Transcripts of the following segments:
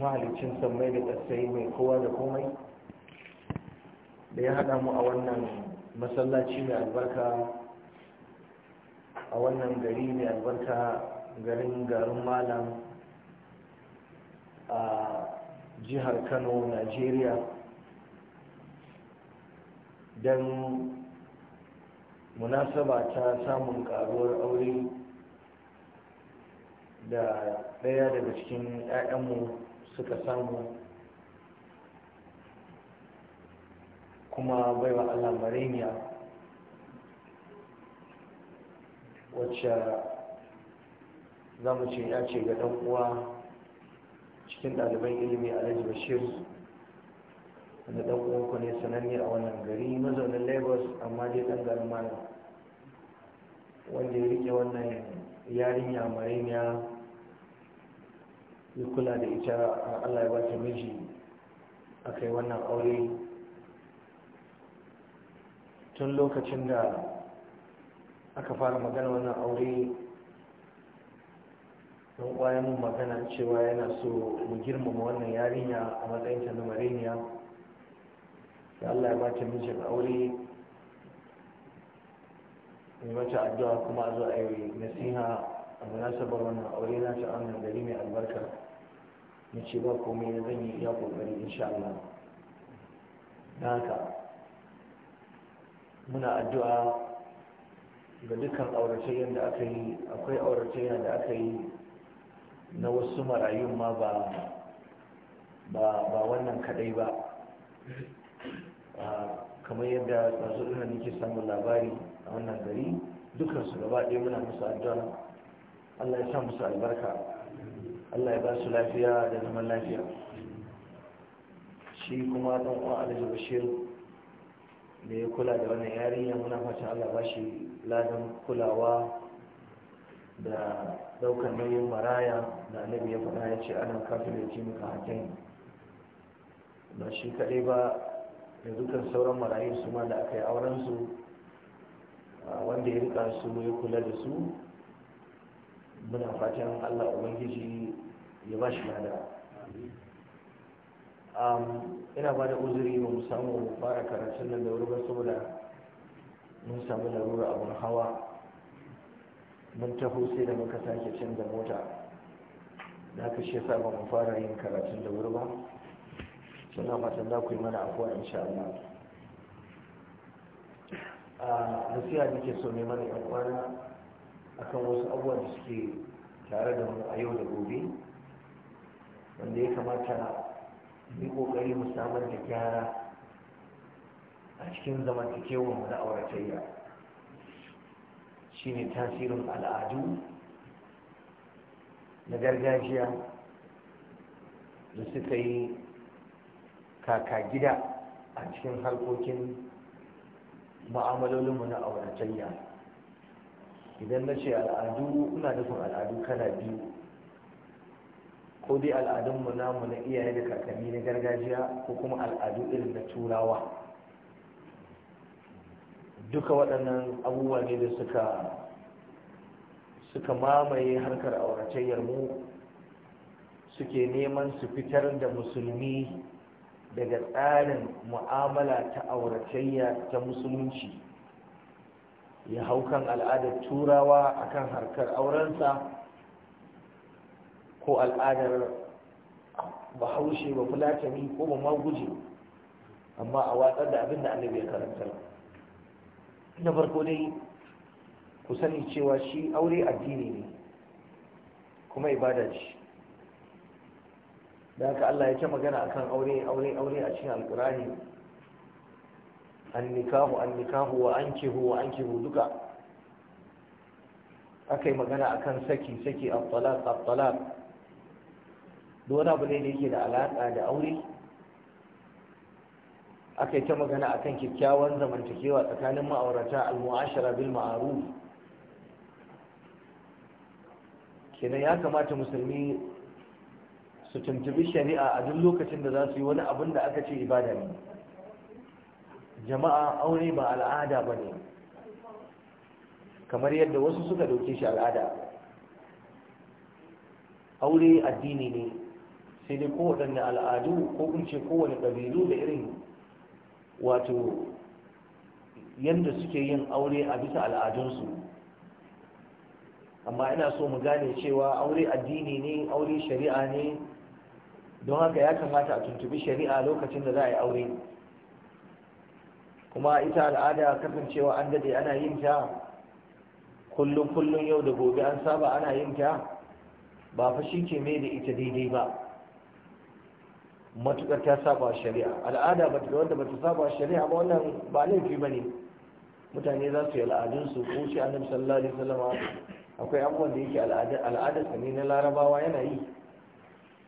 mahalicin sammai da ƙasai mai kowa da komai da ya haɗa mu a wannan masallaci mai albarka a wannan gari mai albarka garin garin malam a jihar kano najeriya don munasaba ta samun karuwar aure da ɗaya daga cikin 'ya'yanmu suka samu kuma baiwa allah mareniya wacce za mu ce ya ce ga ɗan uwa cikin ɗaliban ilimi alhaji bashir wanda ɗan uwanku ne sananne a wannan gari mazaunin lagos amma dai ɗan garin malam wanda ya rike wannan yarinya mareniya ya kula da ita Allah ya bata miji a kai wannan aure tun lokacin da aka fara magana wannan aure don kwayan magana cewa yana so mu girmama wannan yarinya a matsayin ta na mariniya da Allah ya bata mijin aure mai mata addu'a kuma a zo a yi nasiha a munasabar wannan aure na ta gari mai albarka ya ce ba komai na zan yi iya kokari insha Allah da haka muna addu'a ga dukkan auratayyar da aka yi akwai auratayya da aka yi na wasu marayun ma ba ba wannan kadai ba kamar yadda masu ɗina nake samun labari a wannan gari dukansu gaba ɗaya muna musu addu'a Allah ya sa musu albarka Allah ya ba su lafiya da zaman lafiya shi kuma ɗan uwa alhaji bashir da ya kula da wannan yarinya muna fata Allah ba shi ladan kulawa da ɗaukar nauyin maraya da annabi ya faɗa ya ce ana kafin da ke muka hakan ba shi kaɗai ba da dukkan sauran marayu su ma da aka yi auren su wanda ya rika su ya kula da su muna fatan allah ubangiji ya ba shi lada um, ina ba da uzuri ba mu samu fara karatun nan da wuri ba saboda mun samu larura abun hawa mun taho sai da muka sake canza mota da aka shi sa ba mu fara yin karatun da wuri ba suna fatan za ku yi mana afuwa insha Allah a ah, nasiya nake so neman mana yan kwana akan wasu abubuwan da suke tare da mu a yau da gobe wanda ya kamata yi kokari mu samar da gyara a cikin zamantakewar mu na auratayya shine tasirin al'adu na gargajiya da suka yi kaka gida a cikin harkokin ma'amalolinmu na auratayya idan na ce al'adu ina nufin al'adu kana biyu ko dai al'adunmu namu na iyaye da kakanni na gargajiya ko kuma al'adu irin na turawa duka waɗannan abubuwa ne da suka suka mamaye harkar auratayyar mu suke neman su fitar da musulmi daga tsarin mu'amala ta auratayya ta musulunci ya hau kan al'adar turawa akan harkar aurensa ko al'adar bahaushe ba fulatani ko ba Maguji. amma a watsar da abin da annabi ya karanta na farko dai ku sani cewa shi aure addini ne kuma ibada ce da haka Allah ya ce magana akan aure aure aure a cikin alkurani annikahu annikahu wa ankihu wa ankihu duka akai magana akan saki saki at-talaq at-talaq dole abu ne da yake da alaka da aure akai ta magana akan kyakkyawan zamantakewa tsakanin ma'aurata al-mu'ashara bil ma'ruf kenan ya kamata musulmi su tuntubi shari'a a duk lokacin da za su yi wani abin da aka ce ibada ne jama'a aure ba al'ada ba ne kamar yadda wasu suka dauke shi al'ada aure addini ne sai dai kowaɗanne al'adu ko kunce kowane ɗabilu da irin wato yadda suke yin aure a bisa al'adunsu amma ina so mu gane cewa aure addini ne aure shari'a ne don haka ya kamata a tuntubi shari'a lokacin da za a yi aure kuma ita al'ada kasancewa an dade ana yin ta kullum kullum yau da gobe an saba ana yin ta ba fa shi ke mai da ita daidai ba matukar ta saba shari'a al'ada ba ta wanda ba ta saba shari'a ba wannan ba laifi ba ne mutane za su yi al'adunsu ko shi annabi sallallahu alaihi wasallam akwai abubuwan da yake al'adarsa ne na larabawa yana yi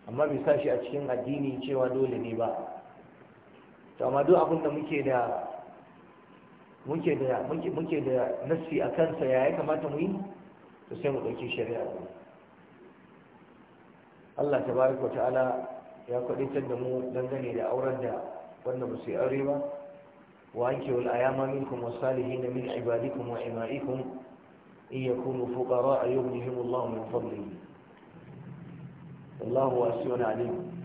amma bai sa shi a cikin addini cewa dole ne ba to amma duk abin da muke da muke da muke da nassi a kansa ya ya kamata mu yi to sai mu ɗauki shari'a Allah tabaraka ta'ala ya kwadaitar da mu dangane da auren da wanda ba su yi aure ba wa anke wal ayama minkum wasalihin min ibadikum wa ima'ikum in yakunu fuqara yughnihim Allah min fadlihi wallahu wasi'un alim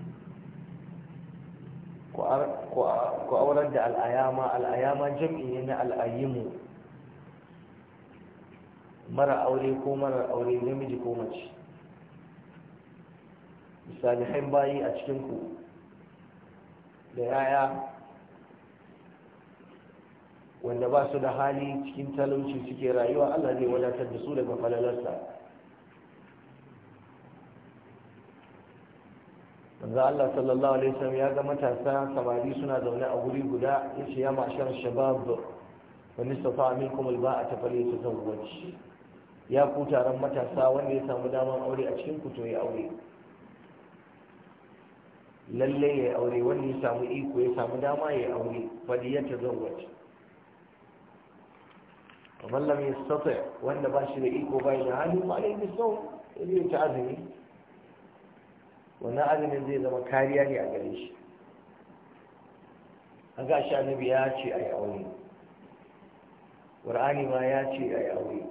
ku aurar da al'ayama al'ayama jam'i ne na al'ayyimu mara aure ko mara aure namiji ko mace Misali, hain bayi a cikinku da yaya wanda ba su da hali cikin talauci suke rayuwa allah zai wadatar da su daga falalarsa manzo Allah sallallahu alaihi wasallam ya ga matasa samari suna zaune a guri guda yace ya mashar shabab wa nistafa minkum alba'ata falyatazawwaj ya ku taron matasa wanda ya samu daman aure a cikin ku to ya aure lalle ya aure wanda ya samu iko ya samu dama ya aure ya wanda falyatazawwaj ba لم da وان ba ايكو باين عنه فعليه بالصوم اللي يتعذني Wani azumin zai zama kariya ne a gare shi A ga shi annabi ya ce a yi aure ma ya ce a yi aure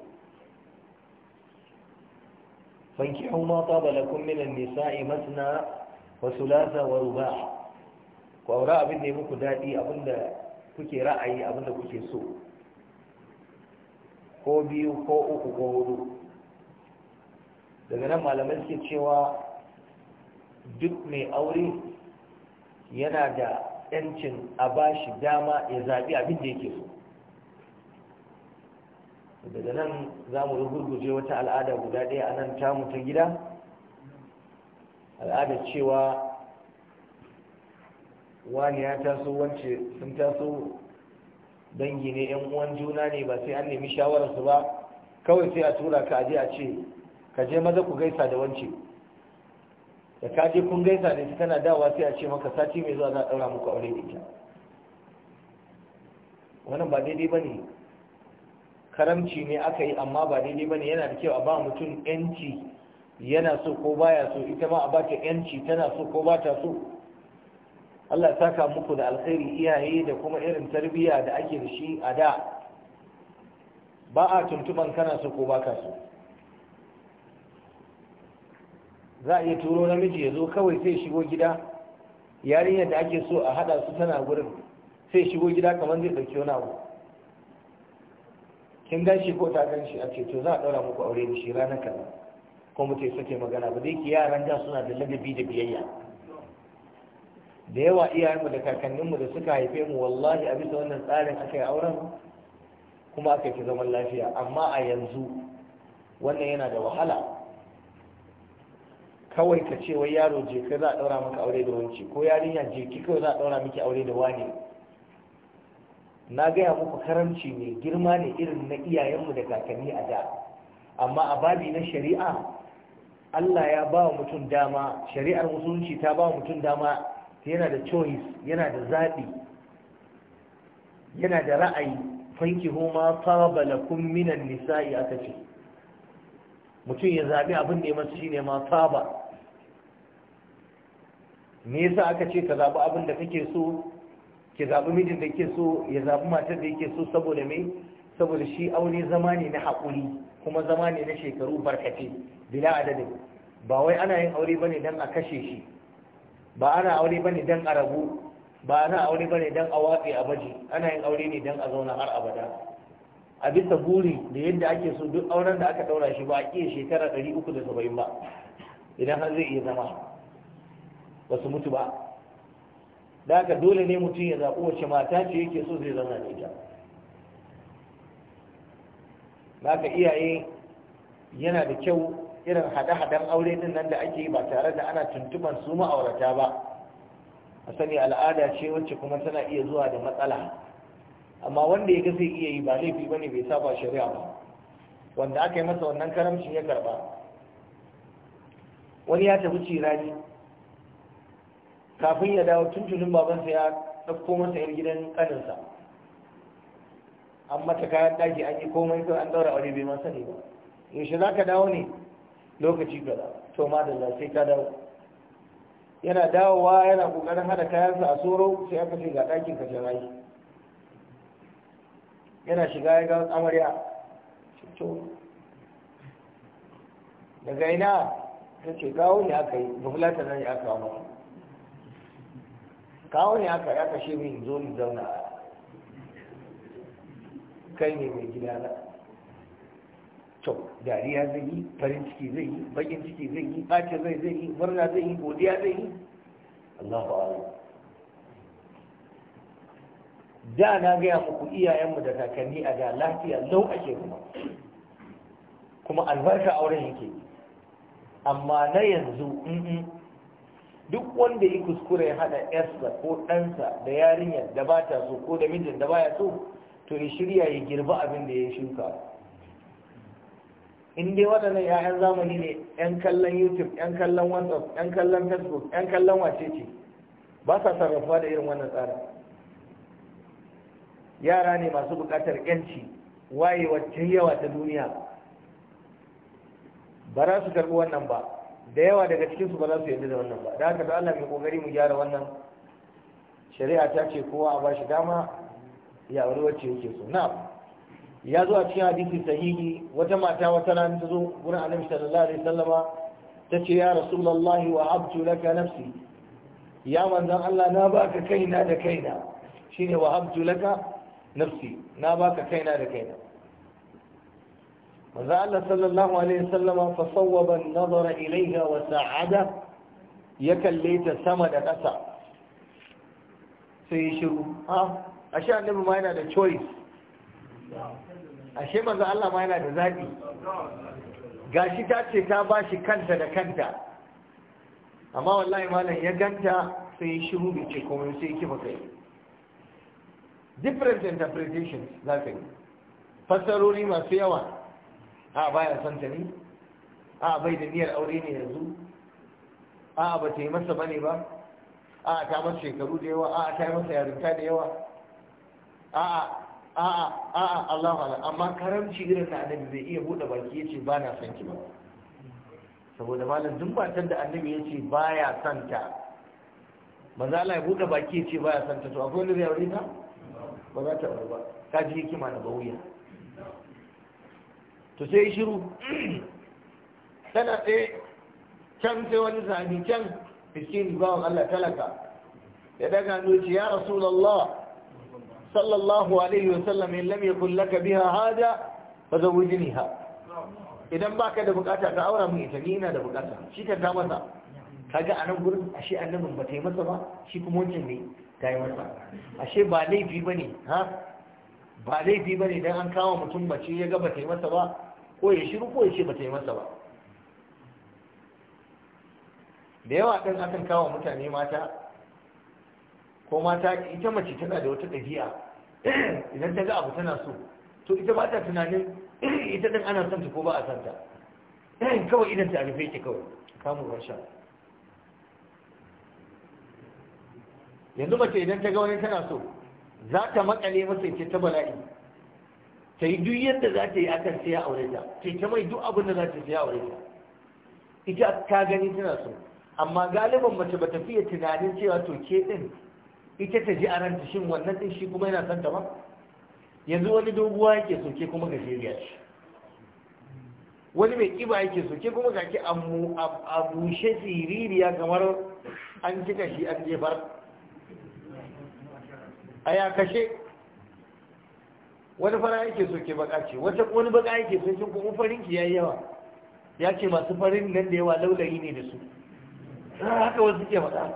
فانكحوا ما طاب لكم من wasu lasa wa ruba وأوراء abin da ya muku daɗi abin kuke ra'ayi abinda kuke so ko biyu ko uku ko hudu daga nan malamai suke cewa duk mai aure yana da yancin a ba shi dama ya zaɓi abin da yake so daga nan za mu rugurguje wata al'ada guda ɗaya a nan tamu ta gida al'adar cewa wani ya taso wance sun taso dangi ne yan uwan juna ne ba sai an nemi shawararsu ba kawai sai a tura ka aje a ce ka je maza ku gaisa da wance da ka je kun gaisa da shi tana dawa sai a ce maka sati mai zuwa za a ɗaura muku aure da ita wannan ba daidai ba ne karamci ne aka yi amma ba daidai ba yana da kyau a ba mutum yanci yana so ko baya so ita ma a ba ta yanci tana so ko ba ta so Allah ya saka muku da alkhairi iyaye da kuma irin tarbiyya da ake da shi a da ba a tuntuban kana so ko ba so za a iya turo namiji ya zo kawai sai shigo gida yarinyar da ake so a hada su tana gurin sai shigo gida kamar zai ɗauki wani abu kin gan shi ko ta gan shi a ceto za a daura muku aure da shi ranar kaza ko mutai suke magana ba dai ki yaran da suna da ladabi da biyayya da yawa iyayenmu da kakanninmu da suka haife mu wallahi a bisa wannan tsarin aka yi auren kuma aka fi zaman lafiya amma a yanzu wannan yana da wahala kawai ka ce wai yaro je ka za a ɗaura maka aure da wance ko yarinya je ki kawai za a ɗaura miki aure da wani na gaya muku karamci ne girma ne irin na iyayenmu da kakanni a da amma a babi na shari'a Allah ya ba wa mutum dama shari'ar musulunci ta ba wa mutum dama yana da choice yana da zaɓi yana da ra'ayi fanki homa faba lakum minan nisa'i aka ce mutum ya zaɓi abin da ya masu shine ma faba me yasa aka ce ka zaɓi abin da kake so ki zaɓi mijin da ke so ya zaɓi matar da yake so saboda me saboda shi aure zama ne na haƙuri kuma zama ne na shekaru barkace bila adadin ba wai ana yin aure bane dan a kashe shi ba ana aure bane dan a rabu ba ana aure bane dan a watse a baji ana yin aure ne dan a zauna har abada a bisa buri da yadda ake so duk auren da aka daura shi ba a iya shekara 370 ba idan har zai iya zama ba su mutu ba da haka dole ne mutum ya zaɓi wacce mata ce yake so zai zauna da ita haka iyaye yana da kyau irin hada-hadan aure din nan da ake yi ba tare da ana tuntuɓar su ma'aurata ba a sani al'ada ce wacce kuma tana iya zuwa da matsala amma wanda ya ga zai iya yi ba laifi ba ne bai saba shari'a ba wanda aka yi masa wannan karamcin ya karɓa. wani ya tafi cirani kafin ya dawo tuntunin babansa ya ɗauko masa yar gidan ƙaninsa an mata kayan ɗaki an yi komai ko an ɗaura aure bai ma sani ba yaushe za ka dawo ne lokaci gaba to ma da sai ka dawo yana dawowa yana ƙoƙarin haɗa kayansa a soro sai aka ce ga ɗakin ka jama'i yana shiga ya ga amarya to daga ina ta ce kawo ne aka yi bufulata nan ya aka kawo kawo ne haka ya kashe min zo ni zauna kai ne mai gida na to dariya zai yi farin ciki zai yi bakin ciki zai yi bacin zai zai yi murna zai yi godiya zai yi Allahu Akbar da na gaya muku iyayenmu da kakanni a da lafiya lau ake kuma kuma albarka auren yake amma na yanzu duk wanda ya kuskure ya hada yarsa ko ɗansa da yarinyar da ba ta so ko da mijin da baya so to ya shirya ya girba abin da ya shuka in dai waɗannan 'ya'yan zamani ne 'yan kallon youtube 'yan kallon whatsapp 'yan kallon facebook 'yan kallon wacece ba sa sarrafa da irin wannan tsarin yara ne masu buƙatar 'yanci wayewar yawa ta duniya ba za su karɓi wannan ba da yawa daga cikin su ba za su yarda da wannan ba da haka da Allah mai kokari mu gyara wannan shari'a ta ce kowa a bashi dama ya aure wacce yake so na ya zo a cikin hadisi sahihi wata mata wata rana ta zo gurin annabi sallallahu alaihi wasallama ta ce ya rasulullahi wa abtu laka nafsi ya manzon Allah na baka kaina da kaina shine wa abtu laka nafsi na baka kaina da kaina وزعل صلى الله عليه وسلم فصوب النظر إليها وساعده يكليت سمد أسع سيشرو ها أشياء النبي ما yana da choice أشياء ماذا الله ما yana da ذاتي gashi ta ce ta ba shi kanta da kanta amma wallahi malam ya ganta sai ya shiru da ce komai sai different interpretations za ka yi fassarori masu yawa a baya son ta ne a bai da niyyar aure ne yanzu a ba ta yi masa bane ba a ta masa shekaru da yawa a ta yi masa yarinta da yawa a a a Allah hala amma karamci irin na annabi zai iya bude baki yace ba na son ki ba saboda malam duk ba da annabi yace baya son ta manzo Allah ya bude baki yace baya son ta to akwai wani zai aure ta ba za ta aure ba kaji hikima na bauya. to sai shiru tana tsaye can sai wani sahabi can miskin bawan Allah talaka ya daga nuci ya rasulallah sallallahu alaihi wa sallam in lam yakun laka biha hada fazawwijniha idan baka da bukata ka aura mu ita ni ina da bukata shi ka ta masa kaga anan gurin ashe annabin ba ta yi masa ba shi kuma wancan ne ta yi masa ashe ba laifi bane ha ba laifi bane dan an kawo mutum mace ya ga ba ta yi masa ba ko ya shiru ko ya ce bata yi masa ba da yawa ɗin akan kawo mutane mata ko mata ita mace tana da wata ɗabi'a idan ta ga abu tana so to ita ba ta tunanin ita ɗin ana son ta ko ba a santa, kawai idan ta rufe ki kawai samun rasha yanzu mace idan ta ga wani tana so za ta makale masa ita ta bala'i ta yi duk yadda za ta yi akan sai ya aure ta ta yi ta mai duk abin da za ta siya aure ta ita ta gani tana so amma galiban mace ba ta fiye tunanin cewa to din ita ta ji a ranta shin wannan din shi kuma yana son ta ba yanzu wani doguwa yake so ke kuma gajeriya shi. wani mai kiba yake so ke kuma gaki a bushe siririya kamar an kika shi an jefar a ya kashe wani fara yake so ke baka ce wata wani baka yake so shi kuma farin ki yayi yawa ya ce masu farin nan da yawa laulayi ne da su ah, haka wasu ke faɗa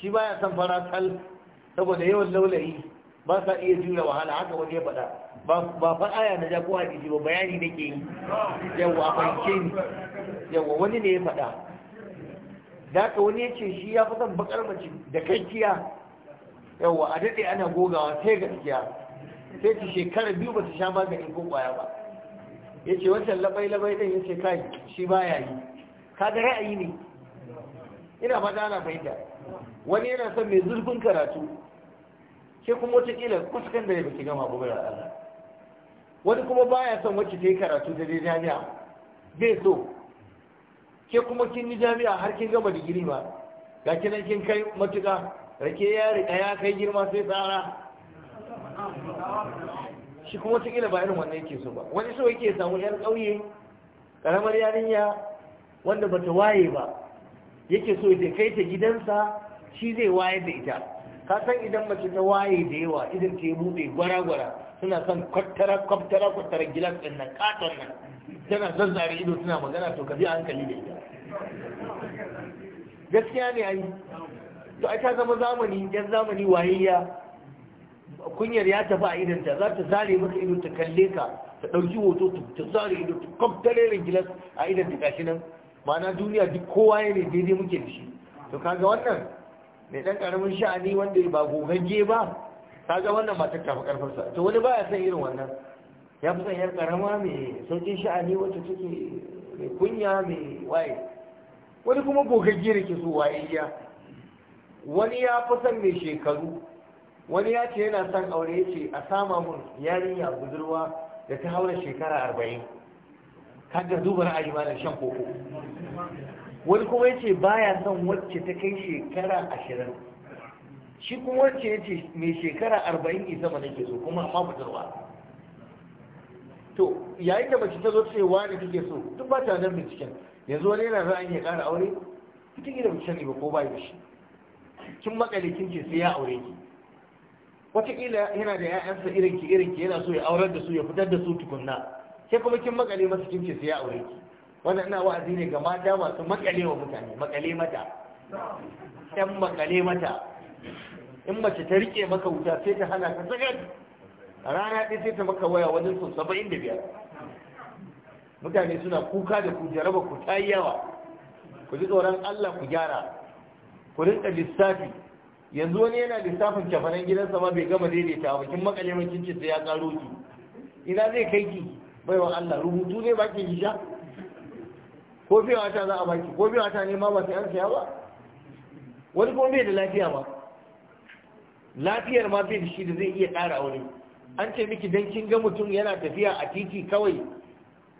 shi baya san fara kal saboda yawan laulayi ba sa iya jure wahala haka wani ya faɗa ba fa aya na ja ko hadisi ba bayani nake yi yawa a fahimce ni yawa wani ne ya faɗa da haka wani ya ce shi ya fi son bakar mace da kankiya yawa a daɗe ana gogawa sai gaskiya sai ta shekara biyu ba su sha maganin ko kwaya ba ya ce wancan labai-labai ɗin ya ce kai shi ba ya yi da ra'ayi ne ina fata ana fahimta wani yana son mai zurfin karatu ke kuma watakila kusurkan da ya baki gama gobe da Allah wani kuma ba ya son wacce ta yi karatu da dai jami'a bai so ke kuma kin yi jami'a har kin gama digiri ba ga kinan kin kai matuka rake ya riƙa ya kai girma sai tsara shi kuma wataƙila ba irin wannan yake so ba wani so yake samu yar ƙauye ƙaramar yarinya wanda ba ta waye ba yake so ya kai ta gidansa shi zai wayar da ita ka san idan mace ta waye da yawa idan ta yi buɗe gwara-gwara suna son kwattara kwattara gilas ɗin nan katon nan tana zazzare ido suna magana to ka bi hankali da ita gaskiya ne ai to ai ta zama zamani yan zamani wayayya kunyar ya tafi a idanta za ta zare maka ido ta kalle ka ta ɗauki hoto ta zare ido ta kwamtare rigilas a idanta gashi nan ma'ana duniya duk kowa ya ne daidai muke da shi to kaga wannan mai ɗan ƙaramin sha'ani wanda ba gogagge ba kaga wannan ba ta tafi ƙarfinsa to wani baya son irin wannan ya fi son yar ƙarama mai sauƙin sha'ani wacce take mai kunya mai waye wani kuma gogagge da ke so waye iya wani ya fi son mai shekaru wani ya ce yana son aure ya ce a sama mun yarinya budurwa da ta haura shekara arba'in kaga duba ra'ayi ma da shan koko wani kuma ya ba baya son wacce ta kai shekara ashirin shi kuma wacce ya ce mai shekara arba'in isa ba nake so kuma ma budurwa to yayin da mace ta zo ce wani take so duk ba ta nan binciken yanzu wani yana ra'ayin ya kara aure ita da binciken ne ba ko ba shi kin makale kin ce sai ya aure ki wataƙila yana da ‘ya'yansa irinki irinki yana so ya aurar da su ya fitar da su tukunna sai kuma kin makale masa kin ce sai ya aure ki wannan ina wa'azi ne ga mata masu makale wa mutane makale mata ‘yan makale mata in mace ta rike maka wuta sai ta hana ka sakar rana ɗaya sai ta maka waya wajen sau saba'in da biyar mutane suna kuka da ku jaraba ku ta yawa ku ji tsoron allah ku gyara ku rinka lissafi yanzu wani yana lissafin kafanan gidansa ma bai gama daidaita ba kin makale mai kin ce sai ya karo ki ina zai kai ki bai wa Allah rubutu ne baki ki sha ko bai wata za a baki ko bai wata ne ma ba sai an saya ba wani kuma bai da lafiya ba lafiyar ma bai da shi da zai iya ƙara aure an ce miki dan kin ga mutum yana tafiya a titi kawai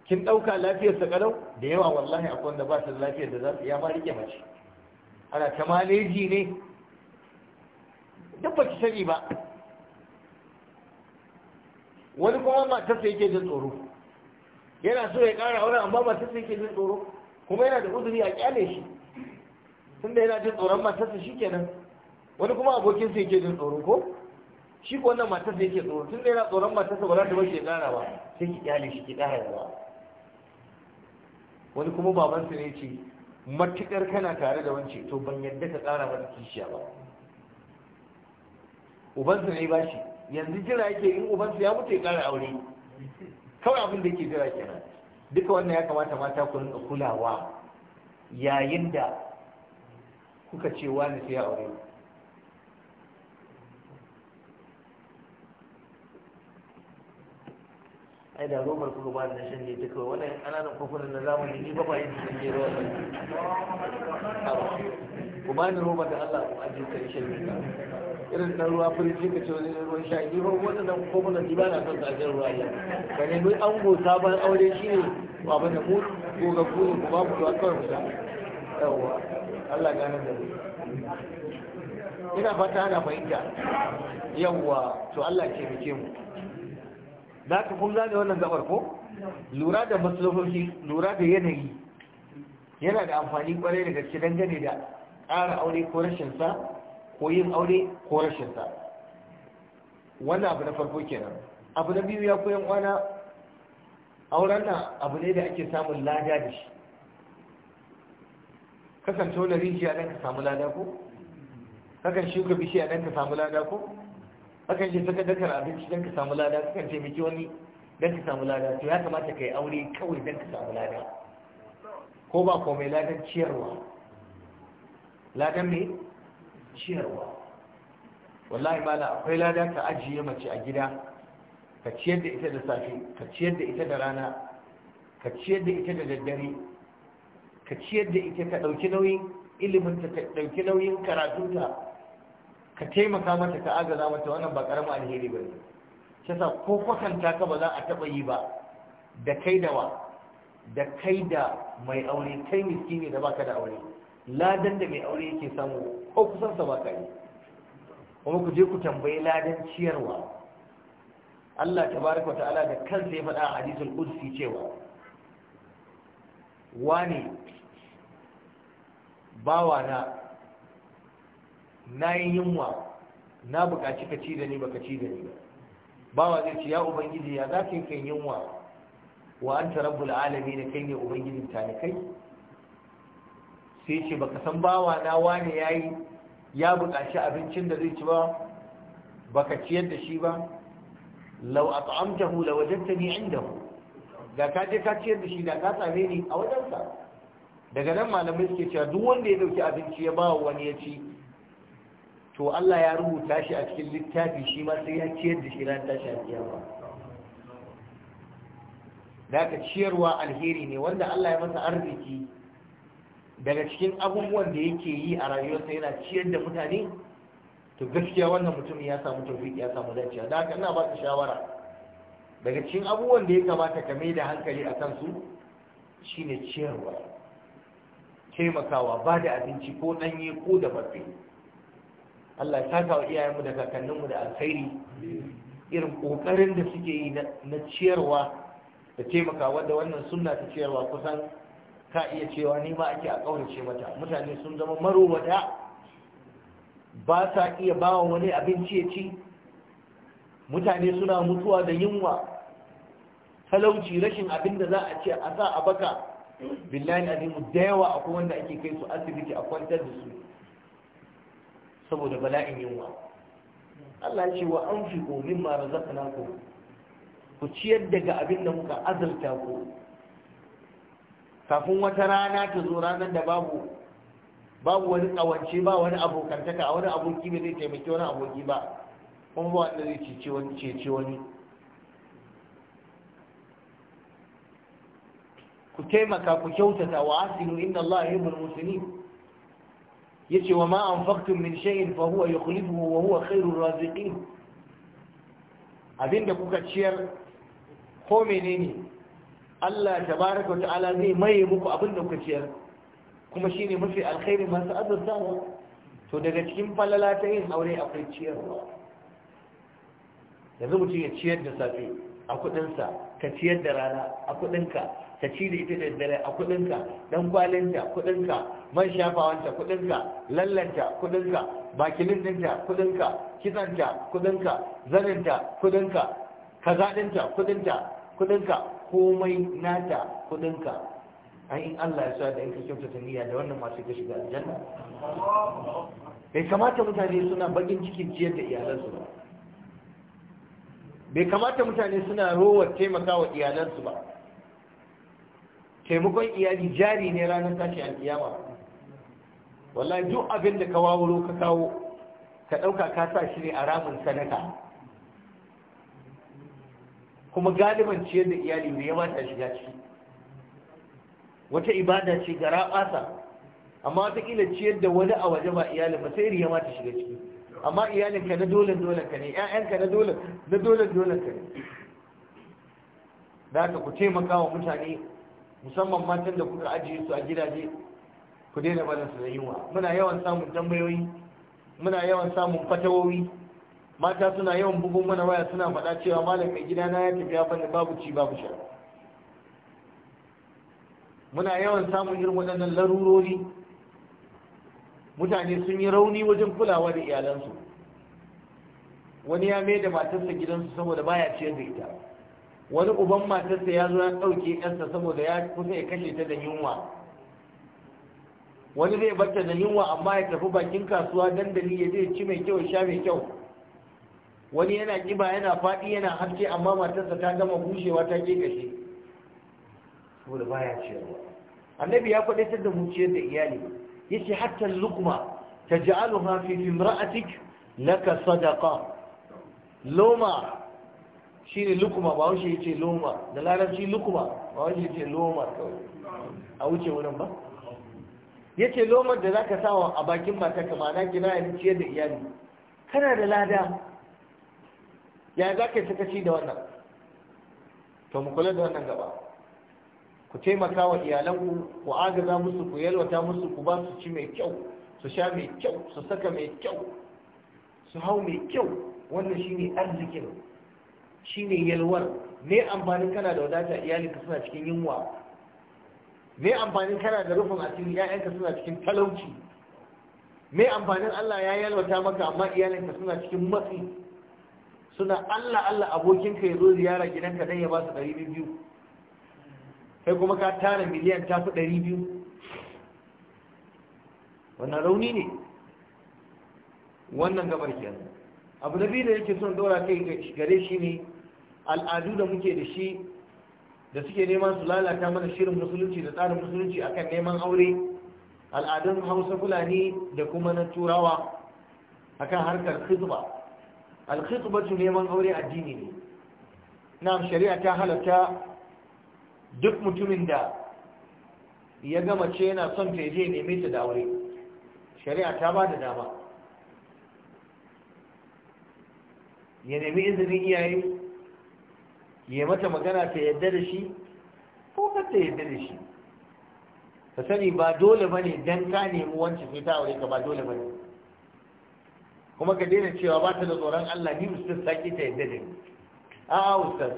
kin ɗauka lafiyarsa ƙalau da yawa wallahi akwai wanda ba su da lafiyar da za su iya ma rike mace ana ta maleji ne duk ba ki sani ba wani kuma matarsa yake jin tsoro yana so ya ƙara wani amma matarsa yake jin tsoro kuma yana da uzuri a kyale shi tunda yana jin tsoron matarsa shi kenan wani kuma abokinsa yake jin tsoro ko shi ko wannan matarsa yake tsoro tunda yana tsoron matarsa ba za ta bar shi ya ƙara ba sai ki kyale shi ki ƙara yawa wani kuma babansa ne ce matukar kana tare da wance to ban yadda ka ƙara da kishiya ba ubansa ne ba shi yanzu jira yake in ubansa ya mutu ya ƙara aure kawai abin da yake jira kenan duka wannan ya kamata mata ku rinka kulawa yayin da kuka ce wani sai ya aure ai da robar kuma ba da shan ne duka wannan da kofunan na zamani ni ba ba yin shan ne ku ba ni roba da Allah a aje ta ishe irin na ruwa firiji ka ce wani ruwan sha ni ba ko kofuna ni ba na son tsagen ruwa ya ka nemi ango sabon aure shi ne ba ba da mu ga ku ne ku ba ku ruwa kawai ku ta yawwa Allah gane da ina fata ana fahimta yawwa to Allah ke muke mu za ka kun zane wannan gabar ko lura da maslahohi lura da yanayi yana da amfani kwarai da gaske dangane da ƙara aure ko rashinsa ko yin aure ko rashinsa wannan abu na farko kenan abu na biyu ya koyan kwana auren nan abu ne da ake samun lada da shi kasance wani rijiya nan ka samu lada ko kakan shuka bishiya nan ka samu lada ko kakan shi saka dakar abinci nan ka samu lada kakan ce miki wani don ka samu lada to ya kamata ka yi aure kawai don ka samu lada ko ba komai ladan ciyarwa ladan mai ciyarwa wallahi mala akwai lada ka ajiye mace a gida ka ciyar da ita da safe ka ciyar da ita da rana ka ciyar da ita da daddare ka ciyar da ita ka ɗauki nauyin iliminta ka ɗauki nauyin karatunta ka taimaka mata ka agaza mata wannan ba ƙaramin alheri ba ne shasa ko kwatanta ka ba za a taɓa yi ba da kai da wa da kai da mai aure kai miskini da baka da aure ladan da mai aure yake samu ko kusan sa ba yi kuma ku je ku tambayi ladan ciyarwa Allah tabaraka ta'ala da kansa ya faɗa a hadisul qudsi cewa wani bawa na nayi yunwa na buƙaci ka ci da ni baka ci da ni ba bawa zai ce ya ubangiji ya za yi kan yunwa wa anta rabbul alamin kai ne ubangijin kai? sai ce baka san bawa na wane yayi ya buƙaci abincin da zai ci ba baka ciyar da shi ba law at'amtahu lawajadtani indahu da ka je ka ciyar da shi da ka same ni a wajensa daga nan malamai suke cewa duk wanda ya dauki abinci ya ba wani ya ci to Allah ya rubuta shi a cikin littafi shi ma sai ya ciyar da shi ran tashi a kiyama da ka ciyarwa alheri ne wanda Allah ya masa arziki daga cikin abubuwan da yake yi a rayuwarsa yana ciyar da mutane to gaskiya wannan mutum ya samu tawfiq ya samu dacewa da haka ina ba shawara daga cikin abubuwan da ya kamata ka mai da hankali a su shine ciyarwa taimakawa ba da abinci ko ɗanye ko da babbe Allah ya saka iyayenmu da kakanninmu da alkhairi irin ƙoƙarin da suke yi na ciyarwa da taimakawa da wannan sunna ta ciyarwa kusan ka iya cewa ni ma ake a ƙaurace mata mutane sun zama maro wata ba sa iya bawa wani abinci ya ci mutane suna mutuwa da yunwa talauci rashin abin da za a ce a sa a baka billahi azimu da yawa akwai wanda ake kai su asibiti a kwantar da su saboda bala'in yunwa Allah ce wa an fi komin mara ku ciyar daga abin da muka azalta ku kafin wata rana ta zo ranar da babu babu wani kawance ba wani abokantaka a wani aboki ba zai taimaki wani aboki ba kuma ba wanda zai cece wani cece wani ku taimaka ku kyautata wa asinu inna Allah ya yi yuhibbul Ya ce wa ma faktun min shay'in fa huwa yukhlifuhu wa huwa khairu raziqin abinda kuka ciyar ko menene Allah ta baraka wa ta'ala zai maye muku abin da kuka ciyar kuma shine mafi alkhairi masu azurtawa to daga cikin falala ta yin aure akwai ciyarwa yanzu mutum ya ciyar da safe a kudinsa ka ciyar da rana a kudinka ka ci da ita da dare a kudinka dan kwalinta kudinka man shafawanta kudinka lallanta kudinka bakilin dinta kudinka kitanta kudinka zaninta kudinka kazaɗinta kudinta kudinka komai nata kudinka ai yi Allah ya sa da in kyauta ta niyya da wannan masu ka shiga aljanna bai kamata mutane suna bakin cikin ciyar da iyalansu ba bai kamata mutane suna rowar taimaka wa iyalansu ba taimakon iyali jari ne ranar tashi alkiyama wallahi duk abin da ka wawuro ka kawo ka ɗauka ka sa shi ne a ramin sadaka kuma galiban ciyar da iyali ya yawa ta shiga ciki wata ibada ce ga rabasa amma wataƙila ciyar da wani a waje ba iyalin ba sai riya ta shiga ciki amma iyalin ka na dolen ka ne ƴaƴan ka na dolen na ka ne da ka ku taimaka wa mutane musamman matan da kuka ajiye su a gidaje ku daina barin su da yunwa muna yawan samun tambayoyi muna yawan samun fatawoyi mata suna yawan bugun mana waya suna faɗa cewa malam mai gidana ya tafi ya fanni babu ci babu sha muna yawan samun irin waɗannan larurori mutane sun yi rauni wajen kulawa da iyalansu wani ya mai da matarsa gidansu saboda baya ciyar da ita wani uban matarsa ya zo ya ɗauke ƴansa saboda ya kusa ya kashe ta da yunwa wani zai barta da yunwa amma ya tafi bakin kasuwa dandali ya zai ci mai kyau sha mai kyau wani yana ƙiba yana faɗi yana haske amma matarsa ta gama bushewa ta ke kashe saboda baya ciyarwa annabi ya faɗi da mu ciyar da iyali Ya ce hatta lukma ta ji taj'aluha fi na ka sadaka loma shi ne lukma ba wuce ce loma da larabci lukma ba wuce ce loma a wuce wurin ba Ya ce lomar da za ka sawa a bakin mata ma na gina ya ciyar da iyali kana da lada ya za ka yi sakaci da wannan to mu kula da wannan gaba ku taimaka wa iyalanku ku agaza musu ku yalwata musu ku ba su ci mai kyau su sha mai kyau su saka mai kyau su hau mai kyau wannan shine arzikin shine yalwar me amfanin kana da wadata iyalinka suna cikin yunwa me amfanin kana da rufin asiri ƴaƴanka suna cikin talauci me amfanin Allah ya yalwata maka amma iyalinka suna cikin matsi suna Allah Allah abokinka ya zo ziyara gidanka dan ya ba su ɗari kai kuma ka tara miliyan ta su ɗari biyu wannan rauni ne wannan gabar kenan abu na biyu da yake son dora kai gare shi ne al'adu da muke da shi da suke neman su lalata mana shirin musulunci da tsarin musulunci akan neman aure al'adun hausa fulani da kuma na turawa akan harkar hisba. alkhitbatu neman aure addini ne na shari'a ta halatta duk mutumin da ya gama ce yana son ta je neme ta da aure shari'a ta ba da dama ya nemi izinin iyaye ya mata magana ta yadda da shi ko ta yadda da shi ka sani ba dole bane don ka nemi wancan sai ta aure ka ba dole bane kuma ka daina cewa ba ta da tsoron Allah ni ustaz sake ta yadda da ni a ustaz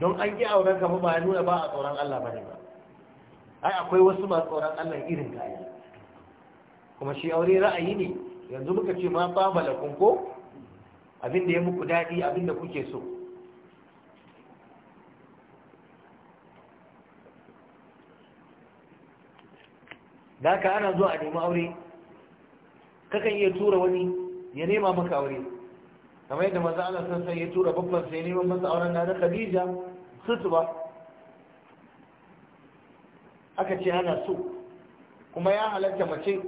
don an ki auren ka ba nuna ba a tsoron Allah bane ba ai akwai wasu masu tsoron Allah irin kaya kuma shi aure ra'ayi ne yanzu muka ce ma ba kunko? ko abinda ya muku daɗi abinda kuke so da haka ana zuwa a nemi aure kakan iya tura wani ya nema maka aure kamar yadda manzo Allah san sai ya tura babban sai neman masa auren na da Khadija sutuba aka ce ana so kuma ya halatta mace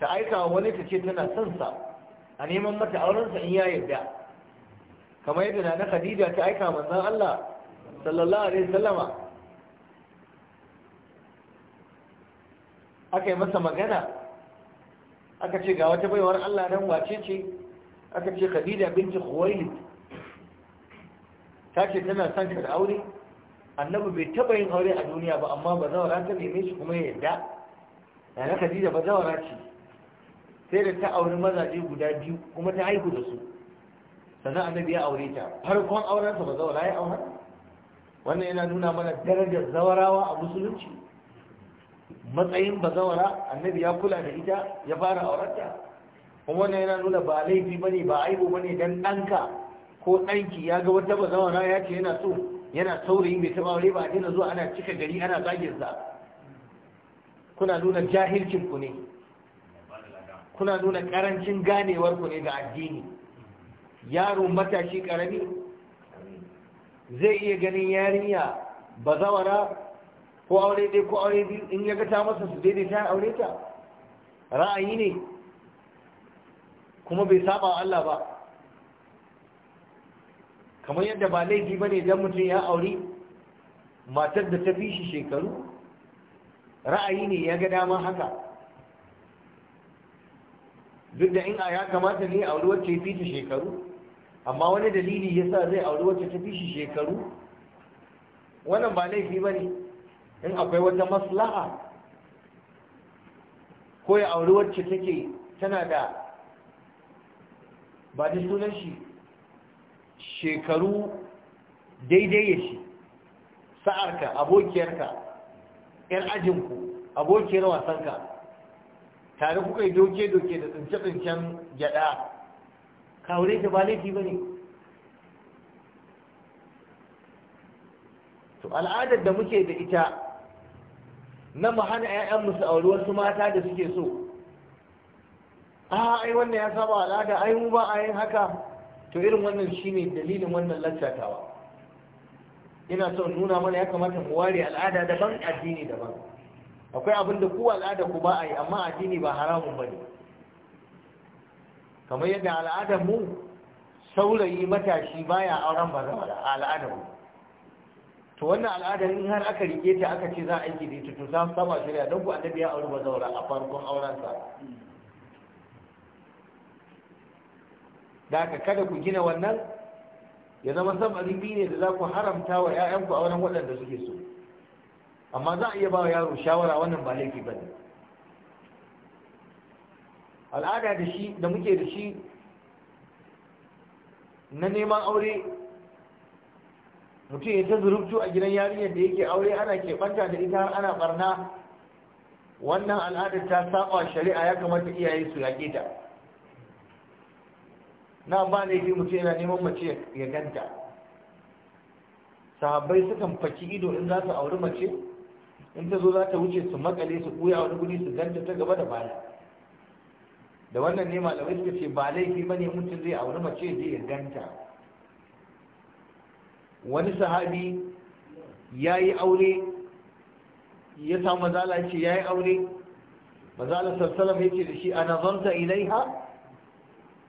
ta aika wani ta ce tana son sa a neman mata auren sa in ya yarda kamar yadda na Khadija ta aika manzon Allah sallallahu alaihi wasallama aka yi masa magana aka ce ga wata baiwar Allah nan wace ce aka ce Khadija binti Khuwailid ta ce tana son ka da aure annabi bai taba yin aure a duniya ba amma ba zawara ta neme shi kuma ya yarda yana Khadija ba zawara ce sai da ta auri mazaje guda biyu kuma ta haihu da su sannan annabi ya aure ta farkon aurensa ba zawara ya aure wannan yana nuna mana darajar zawarawa a musulunci matsayin bazawara annabi ya kula da ita ya fara auratta kuma wannan yana nuna ba laifi ne ba aibu ne don ɗanka ko ɗanki ya ga wata bazawara ya ce yana so yana saurayi mai taɓa aure ba a dina zuwa ana cika gari ana zagin kuna nuna jahilcin ku ne kuna nuna karancin ganewar ku ne ga addini yaro matashi karami zai iya ganin yarinya bazawara ko aure dai ko aure biyu in ya ga ta masa su daidaita ya aure ta ra'ayi ne kuma bai saba wa Allah ba kamar yadda ba laifi ba ne don mutum ya aure matar da ta fi shi shekaru ra'ayi ne ya ga dama haka duk da in a ya kamata ne aure wacce fi ta shekaru amma wani dalili ya sa zai auri wacce ta fi shi shekaru wannan ba laifi ba ne in akwai wata maslaha ko ya auri wacce take tana da ba da sunan shi shekaru daidai ya shi sa'arka abokiyarka ‘yan ajinku abokiyar wasanka tare kuka yi doke-doke da tsince-tsincen gyada kawure ta ba laifi ba ne to al'adar da muke da ita na mu hana 'ya'yanmu su auri wasu mata da suke so a ai wannan ya saba al'ada ai mu ba a yin haka to irin wannan shine dalilin wannan lattatawa ina so nuna mana ya kamata mu ware al'ada daban addini daban akwai abin da ku al'ada ku ba a yi amma addini ba haramun ba ne. kamar yadda al'adar mu saurayi matashi baya auren bazawara a al'adar mu to wannan al'adar in har aka rike ta aka ce za a yi da to za su saba shari'a don ku annabi ya auri zaura a farkon aurensa da aka kada ku gina wannan ya zama sabari ne da za ku haramta wa 'ya'yanku a wurin waɗanda suke so amma za a iya ba wa yaro shawara wannan ba laifi ba ne al'ada da shi da muke da shi na neman aure mutum ya ta zurubtu a gidan yarinyar da yake aure ana keɓanta da ita ana barna wannan al'adar ta saba shari'a ya kamata iyaye su yaƙe ta na ba laifi mutum yana neman mace ya ganta sahabbai sukan faki ido in za su auri mace in ta zo za ta wuce su makale su ɓuya wani guri su ganta ta gaba da baya da wannan ne malamai suka ce ba laifi bane mutum zai auri mace zai ya ganta wani sahabi ya yi aure ya samu mazala ce ya yi aure mazala sassalam ya ce da shi a nazarta ha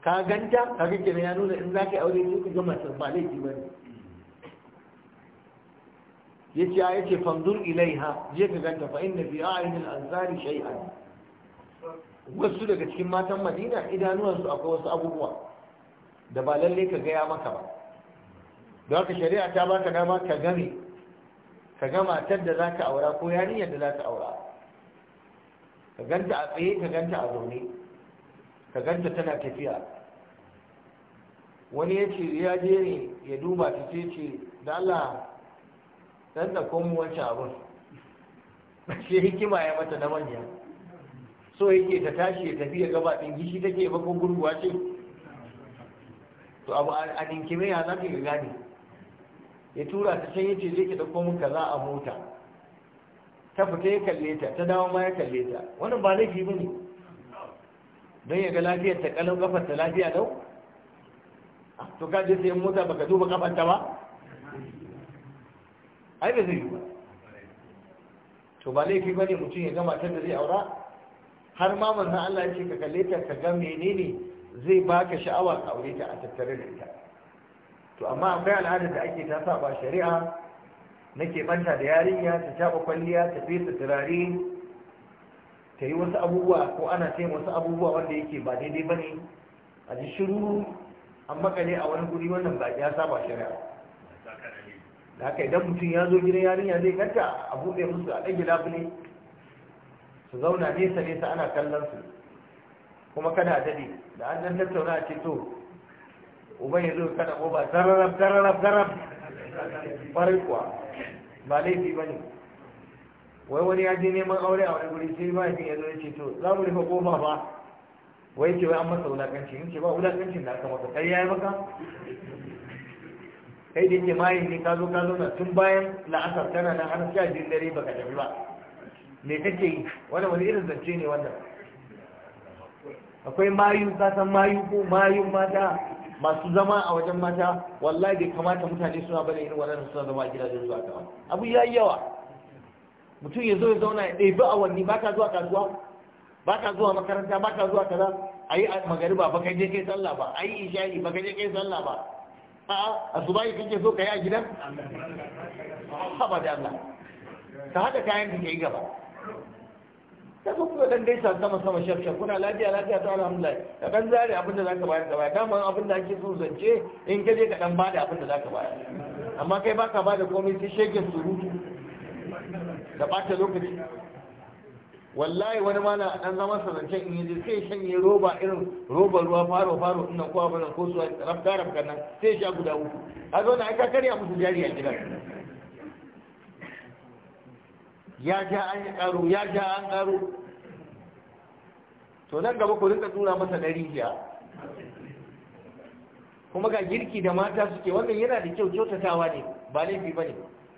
ka ganta ka gajjana ya nuna in za ka yi aure sai ka gama ba laifi ba ne ya ce ya ce ilai ha je ka ganta fa inna fi shai a yi. wasu daga cikin matan madina idanuwansu akwai wasu abubuwa da ba lalle ka gaya maka ba da haka shari'a ta ba ka dama ka gami ka gama, tar da za ka aura ko yarinyar da za ka aura ka ganta a tsaye ka ganta a zaune ka ganta tana tafiya wani ya ce ya je ne ya duba ta ce ce da Allah dan da komo wancan abin shi hikima ya mata na manya so yake ta tashi ya tafi ya gaba ɗin gishi take ba ko gurguwa ce to abu a ninkime ya za ka gane ya tura ta can yace zai ki dauko mun kaza a mota ta fita ya kalle ta ta dawo ma ya kalle ta wannan ba laifi bane don ya ga lafiyar ta kalau kafar ta lafiya dau ah, to ka je sai mota baka duba kafar ta ba ai ba zai yi ba to ba laifi bane mutum ya ga matar da zai aura har ma manzon Allah ya ce ka kalle ta ka ga menene zai baka sha'awa ka aure ta a tattare da ita to amma akwai al'adar da ake ta saba shari'a nake banta da yarinya ta caba kwalliya ta fesa turare ta yi wasu abubuwa ko ana ce wasu abubuwa wanda yake ba daidai ba ne a ji shiru an makale a wani guri wannan ba ya saba shari'a da haka idan mutum ya zo gidan yarinya zai kanta a buɗe musu a ɗage labule su zauna nesa nesa ana kallon su kuma kada dade daɗe da an nan tattauna a ce to uban yanzu, zo kada ba zararab zararab zararab Farin kuwa ba laifi ba ne wai wani ya je neman aure a wani guri sai mahaifin ya yanzu ya ce to za mu rufe kofa ba wai ce wai an masa wulakanci in ce ba wulakancin da aka masa kai ya yi maka kai da ke mayin ne ka zo ka zauna tun bayan la'asar tana nan har sha jin dare baka tafi ba me kake yi wani wani irin zance ne wannan akwai mayu ka san mayu ko mayu mata masu zama a wajen mata wallahi bai kamata mutane suna bane irin waɗannan suna zama a gidajen zuwa kawai abu ya yi yawa mutum ya zo ya zauna ya ɗebi wani ba ka zuwa kasuwa ba ka zuwa makaranta ba ka zuwa kaza a yi magariba ba ka je kai sallah ba a yi ishari ba ka je kai sallah ba a'a a su bayi kake so ka yi a gidan haba da Allah ka haɗa kayan ka yi gaba ka zo kuma dan gaisa sama sama shafshaf kuna lafiya lafiya ta alhamdulillah ka dan zare abin da zaka bayar ka bayar dama abin da ake so zance in ka je ka dan bada abin da zaka bayar amma kai baka bada komai sai shegen surutu da bata lokaci wallahi wani ma na dan zaman sa zance in yi sai shanye roba irin roba ruwa faro faro ina kowa abin ko su rafka rafka nan sai sha guda uku a zo na ka karya musu jari a gidan ya ja an yi karo ya ja an karo to nan gaba ku rinka tura masa ɗari biya? kuma ga girki da mata suke wannan yana da kyau kyautatawa ne ba laifi ba ne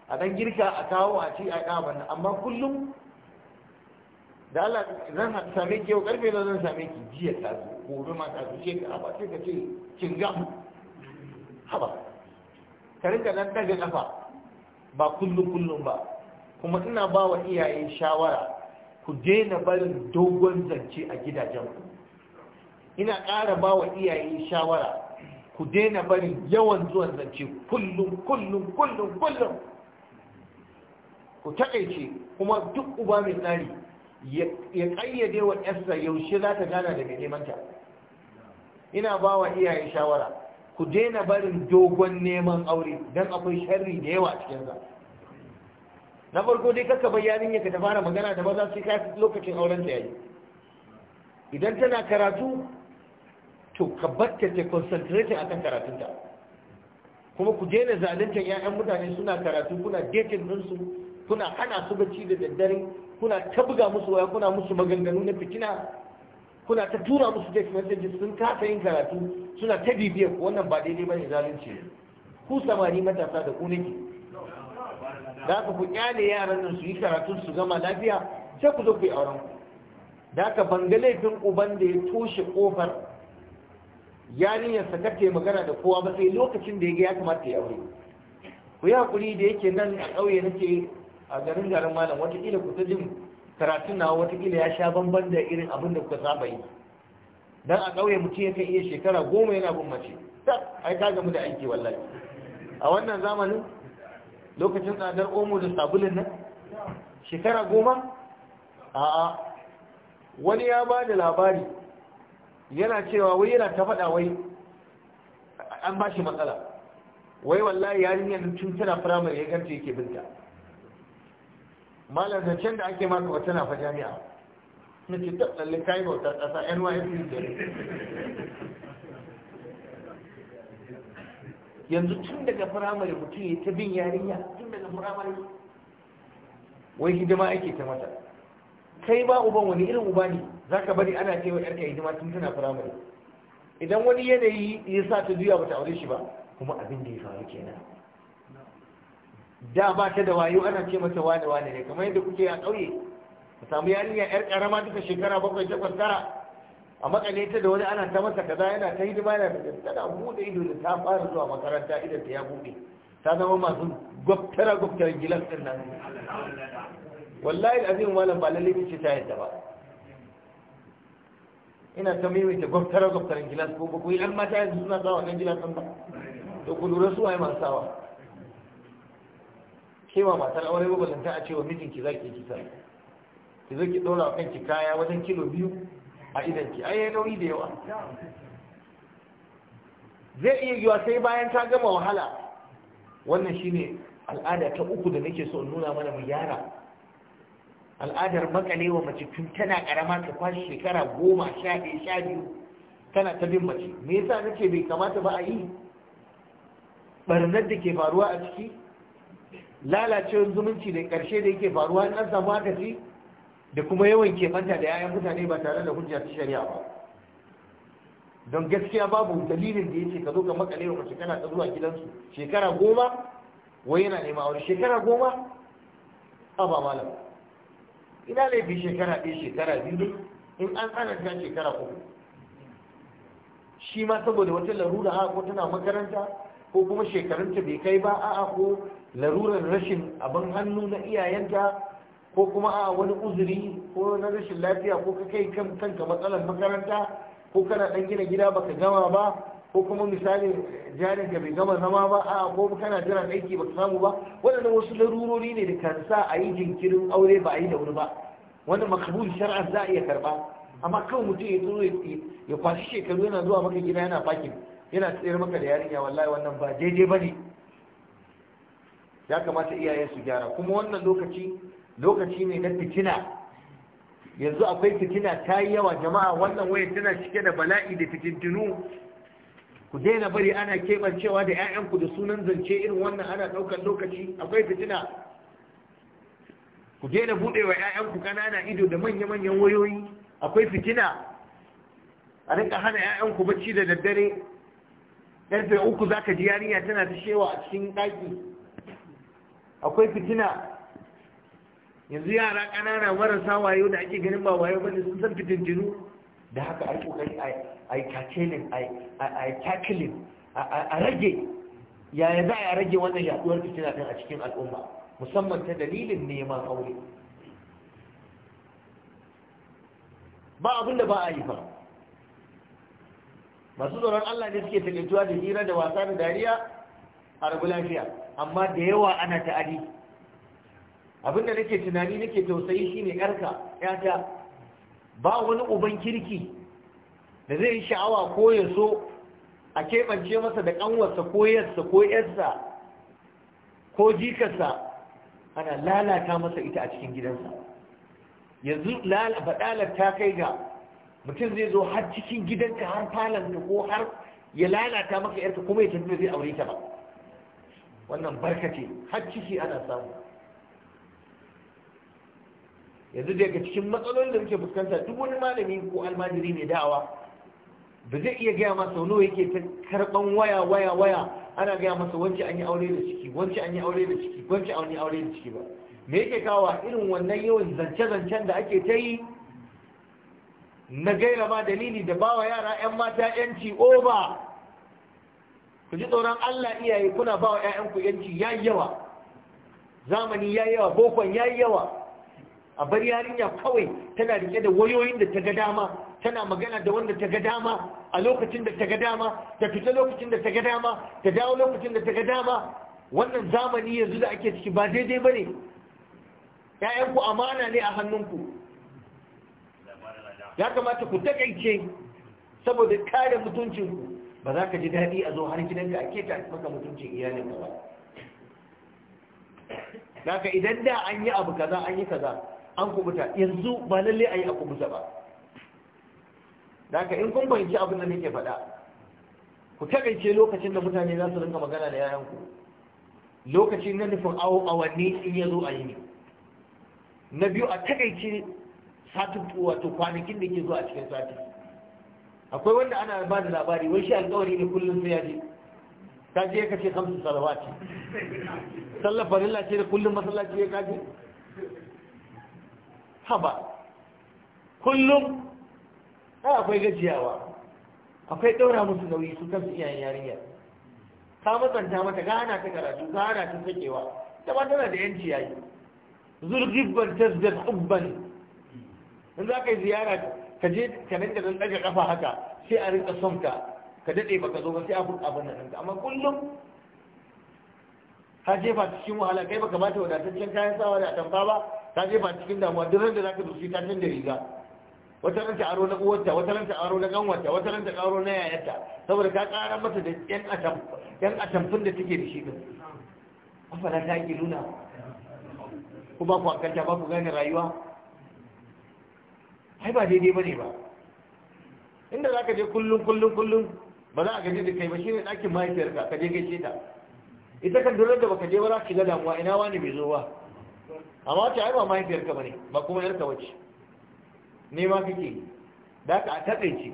a dan girka a kawo a ci a ɗaban amma kullum da Allah zan same ki yau karfe da zan same ki jiya ta su gobe mata ta su ce ka ba sai ka ce kin gamu haba ka rinka nan daga kafa ba kullum kullum ba kuma ina ba wa iyaye shawara ku daina barin dogon zance a gidajenku ina ƙara ba wa iyaye shawara ku daina barin yawan zuwan zance kullum kullum kullum kullum ku taƙaice kuma duk uba mai tsari ya ƙayyade wa yarsa yaushe za ta gana daga nemanta ina ba wa iyaye shawara ku daina barin dogon neman aure don akwai sharri da yawa cikin zance na farko dai kaka bayanin ya ka ta fara magana da maza sai ka lokacin auren ta yayi idan tana karatu to ka batta ta concentrating akan karatunta kuma ku daina zaluntar 'ya'yan mutane suna karatu kuna dating su kuna hana su bacci da daddare kuna ta buga musu waya kuna musu maganganu na fitina kuna ta tura musu text messages sun kasa yin karatu suna ta bibiyar wannan ba daidai bane zalunci ku samari matasa da ku nake da ku ku kyale yaran nan su yi karatun su gama lafiya sai ku zo ku yi auren ku da ka banga laifin uban da ya toshe kofar yarinyarsa kar ta magana da kowa ba sai lokacin da ya ga ya kamata ya aure ku yi hakuri da yake nan a ƙauye nake a garin garin malam watakila ku ta jin karatun nawa watakila ya sha bamban da irin abin da kuka saba yi dan a ƙauye mutum yakan iya shekara goma yana bin mace ta ai ka gamu da aiki wallahi a wannan zamanin lokacin tsadar omo da sabulin nan shekara goma a'a wani ya ba da labari yana cewa wai yana ta faɗa wai an ba shi matsala wai wallahi yarinyar tun tana firamare ya ganta yake binta malar da ake maka wata na fa jami'a na cikin ta kayan bautar ƙasa nysc yanzu tun daga firamare mutum ya ta bin yarinya tun daga firamare wai hidima ake ta mata kai ba uban wani irin uba ne za ka bari ana cewa ka hidima tun tana firamare idan wani yanayi ya sa ta juya bata aure shi ba kuma abin da ya faru kenan da ba ta da wayo ana ce mata wane wane ne kamar yadda kuke a ƙauye ka samu yarinya yar ƙarama duka shekara bakwai takwas tara a makale ta da wani ana ta masa kaza yana ta hidima yana da gaske tana bude ido da ta fara zuwa makaranta idan ta ya bude ta zama masu gwabtara gwabtar gilas din nan wallahi azim malam ba lalle ce ta yadda ba ina ta maimaita gwabtara gwabtar gilas ko ba ku yi an mata yanzu suna sawa nan gilas din ba to ku lura su waye masu sawa kewa matar aure ba balanta a cewa mijinki zaki ki kisa ki zo ki dora kanki kaya wajen kilo biyu a idan ki ai ya nauyi da yawa zai iya yiwa sai bayan ta gama wahala wannan shine al'ada ta uku da nake so in nuna mana mu yara al'adar makalewa mace tun tana karama ta kwashi shekara goma sha ɗaya sha biyu tana ta bin mace me yasa nake bai kamata ba a yi barnar da ke faruwa a ciki lalacewar zumunci da ƙarshe da yake faruwa in an samu aka ci da kuma yawan kebanta da 'ya'yan mutane ba tare da hujja ta shari'a ba don gaskiya babu dalilin da ya ce ka zo ka makale wa mace kana zuwa gidansu shekara goma wai yana nema aure shekara goma a ba malam ina laifi shekara ɗaya shekara biyu in an ta shekara uku shi ma saboda wata larura a ko tana makaranta ko kuma shekarunta bai kai ba a'a ko larurar rashin abin hannu na iyayenta ko kuma a wani uzuri ko na rashin lafiya ko ka kai kanka matsalar makaranta ko kana dan gina gida baka gama ba ko kuma misali jarin ka bai gama zama ba a ko kana jira aiki baka samu ba wannan wasu larurori ne da kan sa a yi jinkirin aure ba a yi da wani ba wannan makabul shar'an za a iya karba amma kawai mutum ya zo ya kwashi shekaru yana zuwa maka gida yana fakin yana tsayar maka da yarinya wallahi wannan ba daidai ba ne ya kamata iyayen su gyara kuma wannan lokaci lokaci ne na fitina yanzu akwai fitina ta yi yawa jama'a wannan wayar tana cike da bala'i da fitintinu ku daina bari ana keɓancewa da 'ya'yanku da sunan zance irin wannan ana ɗaukar lokaci akwai fitina ku daina buɗewa 'ya'yanku ƙanana ido da manya-manyan wayoyi akwai fitina a rinka hana 'ya'yanku bacci da daddare ƙarfe uku za ka ji yarinya tana ta shewa a cikin ɗaki akwai fitina yanzu yara ƙanana marasa wayo da ake ganin ba wayo bane sun san fitintinu da haka ai kokari ai a ai tackling a rage yaya za a rage wannan yaduwar fitina din a cikin al'umma musamman ta dalilin neman aure ba abin ba a yi ba masu tsoron Allah ne suke takaituwa da hira da wasa da dariya a rabu lafiya amma da yawa ana ta'adi abin da nake tunani nake tausayi shine yarka yata ba wani uban kirki da zai yi sha'awa ko ya so a keɓance masa da ƙanwarsa ko yarsa ko yarsa ko jikarsa ana lalata masa ita a cikin gidansa yanzu baɗalar ta kai ga mutum zai zo har cikin gidanka har falanta ko har ya lalata maka yarka kuma ya tafi zai aure ta ba wannan barka ce har ciki ana samu yanzu daga cikin matsaloli da muke fuskanta duk wani malami ko almajiri mai da'awa ba zai iya gaya masa wani yake ta karban waya waya waya ana gaya masa wance an yi aure da ciki wance an yi aure da ciki wance an yi aure da ciki ba me yake kawo irin wannan yawan zance-zancen da ake ta yi na gaira ma dalili da bawa yara 'yan mata 'yanci oba ku ji tsoron allah iyaye kuna bawa 'ya'yanku 'yanci yayi yawa zamani yayi yawa bokon yayi yawa a bar yarinya kawai tana rike da wayoyin da ta ga dama tana magana da wanda ta ga dama a lokacin da ta ga dama ta fita lokacin da ta ga dama ta dawo lokacin da ta ga dama wannan zamani yanzu da ake ciki ba daidai ba ne ‘ya'yanku amana ne a hannunku ya kamata ku takaice saboda kare mutuncinku ba za ka ji daɗi a zo har gidanka a keta maka mutuncin iyalinka ba Daka idan da an yi abu kaza an yi kaza an kubuta yanzu ba lalle a yi a kubuta ba da haka in kun fahimci abin da nake faɗa ku takaice lokacin da mutane za su rinka magana da yayanku lokacin na nufin awanni in ya zo a yi ne na biyu a takaice satin wato kwanakin da ke zuwa a cikin sati akwai wanda ana ba da labari wai shi alkawari ne kullum sai ya je ka je ka ce kamsu salawati sallar farilla ce da kullum masallaci ya kaje haba kullum ai akwai gajiyawa akwai ɗaura musu nauyi su kansu iyayen yarinyar ta matsanta mata gana ta karatu gana ta sakewa ta ba tana da yanci yayi zurgibban tasdar ubban in za ka yi ziyara ka je ka da nan ɗaga ƙafa haka sai a rinka son ka ka daɗe baka zo ba sai a fuka abin nan amma kullum ka jefa cikin wahala kai baka ba ta wadataccen kayan sawa da atamfa ba ta jefa cikin damuwa duk da zaka dusi ta canza riga wata ran ta aro na uwarta wata ran ta aro na ganwarta wata ran ta aro na yayarta saboda ta karar mata da yan atam yan atamfin da take da shi din afala ta ki nuna ku ba ku akanta ba ku gane rayuwa ai ba daidai bane ba inda zaka je kullun kullun kullun ba za a gaji da kai ba shine ɗakin mahaifiyarka ka je gaishe ta ita kan durar da baka je ba za ka shiga damuwa ina wani bai zo ba amma ta ai ba mahaifiyarka bane ba kuma yarka bace ne ma kake da ka takaice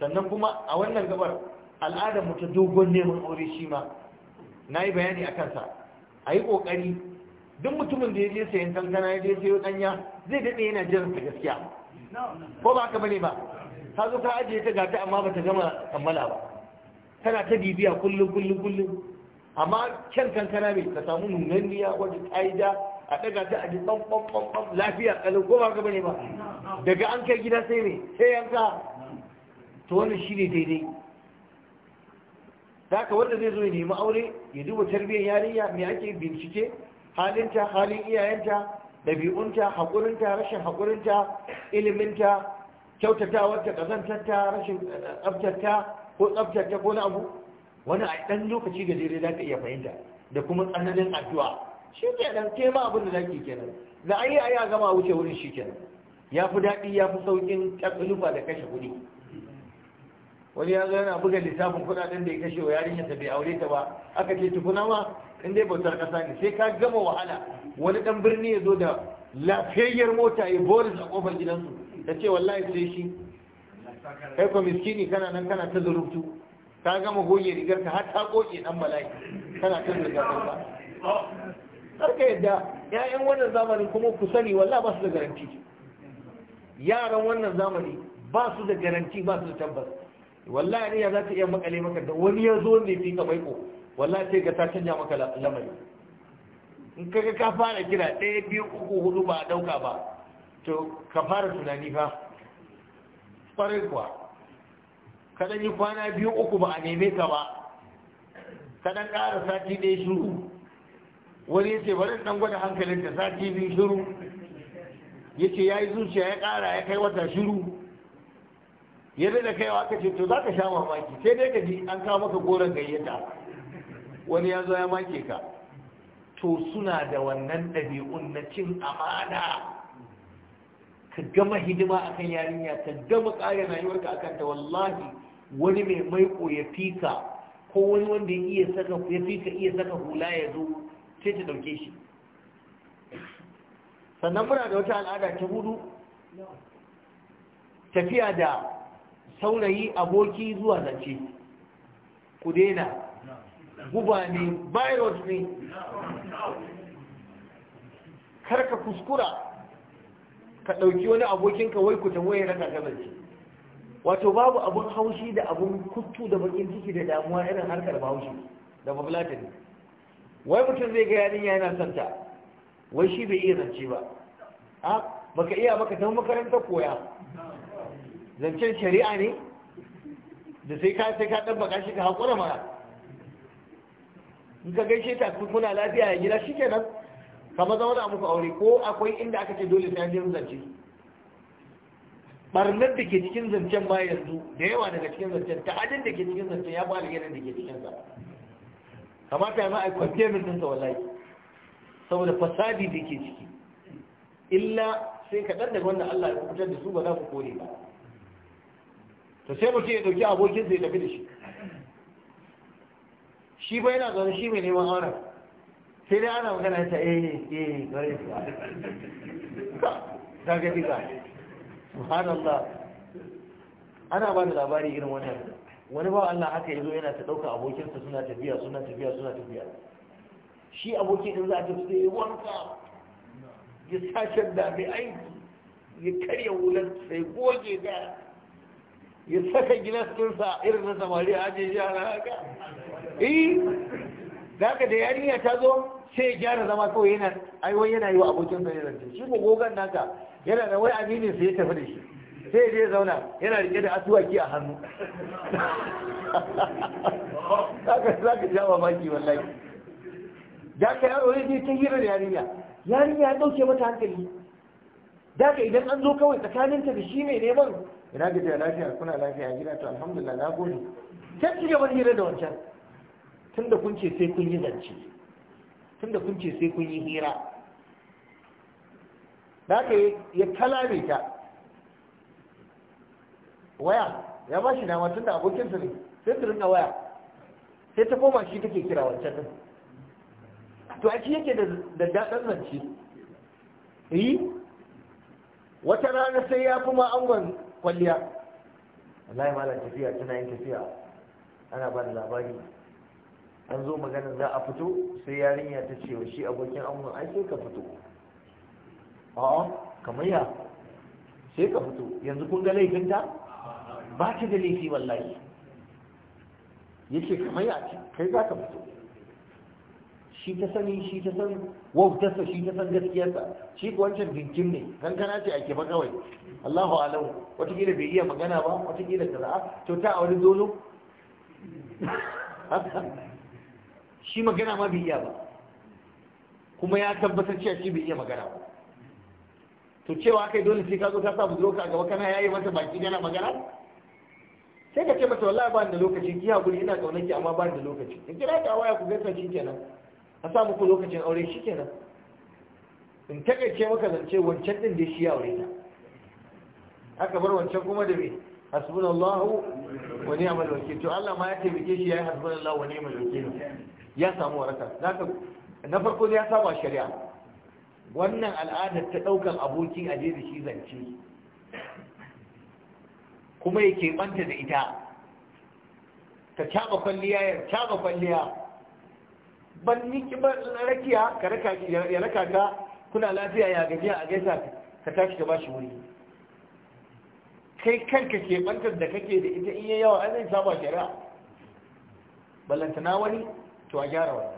sannan kuma a wannan gabar al'adar mu ta dogon neman aure shi ma nayi bayani akan sa ayi kokari duk mutumin da ya je sayan kankana ya je sayo danya zai dade yana jiran ta gaskiya ko ba ka bane ba ka zo ka ajiye ta gata amma ba ta gama kammala ba Tana ta bibiya kullum kullum kullum amma kyan kankana bai ka samu nunanniya wadda ta yi a daga ta a ji ɓanɓanɓanɓan lafiya ƙalin ko ba ka bane ba daga an kai gida sai ne sai yanka to wani shi ne daidai da haka wanda zai zo ya nemi aure ya duba tarbiyyar yarinya me ake bincike halinta halin iyayenta ɗabi'unta haƙurinta rashin haƙurinta iliminta kyautatawarta ƙazantarta rashin eh, eh, tsabtarta ko tsabtarta ko na abu wani a ɗan lokaci da daidai za ka iya fahimta da kuma tsananin addu'a shi kenan ke ma abin da zaki kenan da ayi yi a gama wuce wurin shi kenan ya fi daɗi ya fi sauƙin ƙasulufa da kashe kuɗi wani ya zo yana buga lissafin kuɗaɗen da ya kashe wa yarinya ta bai aure ta ba aka ce tukuna ma in dai bautar ƙasa ne sai ka gama wahala wani ɗan birni ya zo da lafiyayyar mota ya boris a ƙofar gidansu ta ce wallahi sai shi kai ko miskini kana nan kana ta zurutu ka gama goge rigar ka har ta koke dan bala'i kana ta zirga ka. karka yadda ƴaƴan wannan zamani kuma ku sani walla ba su da garanti yaran wannan zamani ba su da garanti ba su da tabbas walla ne ya za ta iya makale maka da wani ya zo ne fi ka ko walla ce ga ta canja maka lamari in kaga ka fara kira ɗaya biyu uku hudu ba a ɗauka ba to ka fara tunani fa farin kuwa kaɗan yi kwana biyu uku ba a neme ka ba kaɗan ƙara sati ɗaya shuru wani yace bari dan gwada hankalin da sati biyu shiru yace yayi zuciya ya kara ya kai wata shiru ya da kaiwa aka ce to zaka sha mamaki sai dai ka ji an kawo maka goron gayyata wani ya zo ya make ka to suna da wannan ɗabi'un na cin amana ka gama hidima akan yarinya ka gama rayuwar rayuwarka akan ta wallahi wani mai maiƙo ya fika ko wani wanda ya iya saka iya saka hula ya zo sai ta ɗauke shi sannan muna da wata al'ada ta hudu tafiya da saurayi aboki zuwa zance ku daina guba ne virus ne karka kuskura ka ɗauki wani abokinka wai ku tawaye raka gabanci wato babu abun haushi da abun kuttu da bakin ciki da damuwa irin harkar bahaushe da babulatani wai mutum zai ga yarinya yana santa wai shi bai iya zance ba a baka iya baka ta makaranta koya zancen shari'a ne da sai ka sai ka dan baka shi ka hakura mara. in ka gaishe ta kuna lafiya ya gida shikenan kamar zama da muku aure ko akwai inda aka ce dole sai an je zance barnar da ke cikin zancen ba yanzu da yawa daga cikin zancen ta'adin da ke cikin zancen ya ba yanar da ke cikin zancen kamata yana a containment ɗinsa wallahi saboda fasadi da ke ciki illa sai ka ɗan daga wannan Allah ya fitar da su ba za ku kore ba to sai mutum ya ɗauki sai ya tafi da shi shi ba yana zaune shi mai neman auren sai dai ana magana ta eh eh gare su ta ga ga subhanallah ana ba da labari irin wannan wani ba Allah haka yazo yana ta dauka abokinsa suna tafiya suna tafiya suna tafiya shi abokin din za a tafi sai wanka ya sashen da mai aiki ya karya wulan sai goge da ya saka gilas sa irin na samari a je ya haka eh da ka da yarinya ta zo sai ya gyara zama kawai yana wai yana yi wa abokin sa ne zance shi ko gogon naka yana da wai amini sai ya tafi da shi sai je zauna yana rike da asuwaki a hannu za ka sha mamaki wallahi da ka yaro ne ta hira da yarinya yarinya ya dauke mata hankali da ka idan an zo kawai tsakaninta da shi ne neman ina ga ta lafiya kuna lafiya gida to alhamdulillah na gode sai ci gaban hira da wancan tunda kun ce sai kun yi zance tunda kun ce sai kun yi hira da ka ya kalame ta waya ya ba shi dama tun da abokinsa ne sai su rinka waya sai ta koma shi take kira wancan din to a shi yake da daɗin zance yi wata rana sai ya fi angon kwalliya wallahi malam tafiya tana yin tafiya ana ba da labari an zo maganin za a fito sai yarinya ta ce wa shi abokin angon ai sai ka fito a'a kamar ya sai ka fito yanzu kun ga laifinta ba ta da laifi wallahi yake kamar ya ce kai za ka fito shi ta sani shi ta san wautarsa shi ta san gaskiyarsa shi wancan dinkin ne kankana ce ake ba kawai Allahu alam watakila bai iya magana ba watakila kaza to ah, ta a wani zolo shi magana ma bai iya ba kuma ya tabbatar cewa shi bai iya magana ba to cewa kai dole sai ka zo ka sa budurka a gaba kana yayi mata baki yana magana sai ka ce mata wallahi ba ni da lokaci ki haƙuri ina ƙaunar ki amma ba ni da lokaci in kira ta waya ku gaisa shi kenan a sa muku lokacin aure shi kenan in takaice maka zance wancan din da shi ya aure ta aka bar wancan kuma da me hasbunallahu wa ni'mal wakil to Allah ma ya taimake shi yayi hasbunallahu wa ni'mal wakil ya samu waraka zaka na farko ya saba shari'a wannan al'adar ta daukan abokin aje da shi zance kuma ya keɓanta da ita ka caɓa kwalliya ya caɓa kwalliya ban niki ba rakiya ka raka ya raka ka kuna lafiya ya gajiya a gaisa ka tashi ka bashi wuri kai kanka keɓantar da kake da ita in yawa an zai saba shari'a ballantana wani to a gyara wani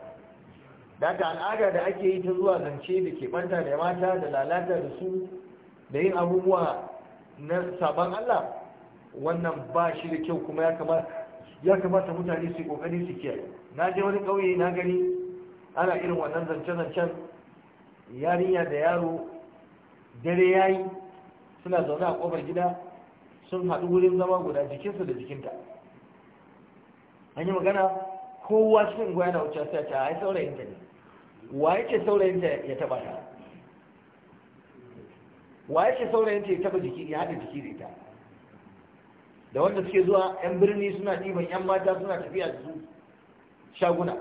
da ta al'ada da ake yi ta zuwa zance da keɓanta da mata da lalata da su da yin abubuwa na sabon Allah wannan ba shi da kyau kuma ya kamata mutane su kokari su kiyaye na je wani ƙauye na gani ana irin wannan zance-zancen yarinya da yaro dare ya yi, suna zaune a ƙofar gida sun haɗu wurin zama guda jikinsu da jikinta an yi magana kowa cikin gwaya na wuce sai ta ai saurayinta ne wa yake saurayinta ya taba ta wa yake saurayinta ya taba jiki ya haɗa jiki da ita da wanda suke zuwa 'yan birni suna ɗiban 'yan mata suna tafiya su shaguna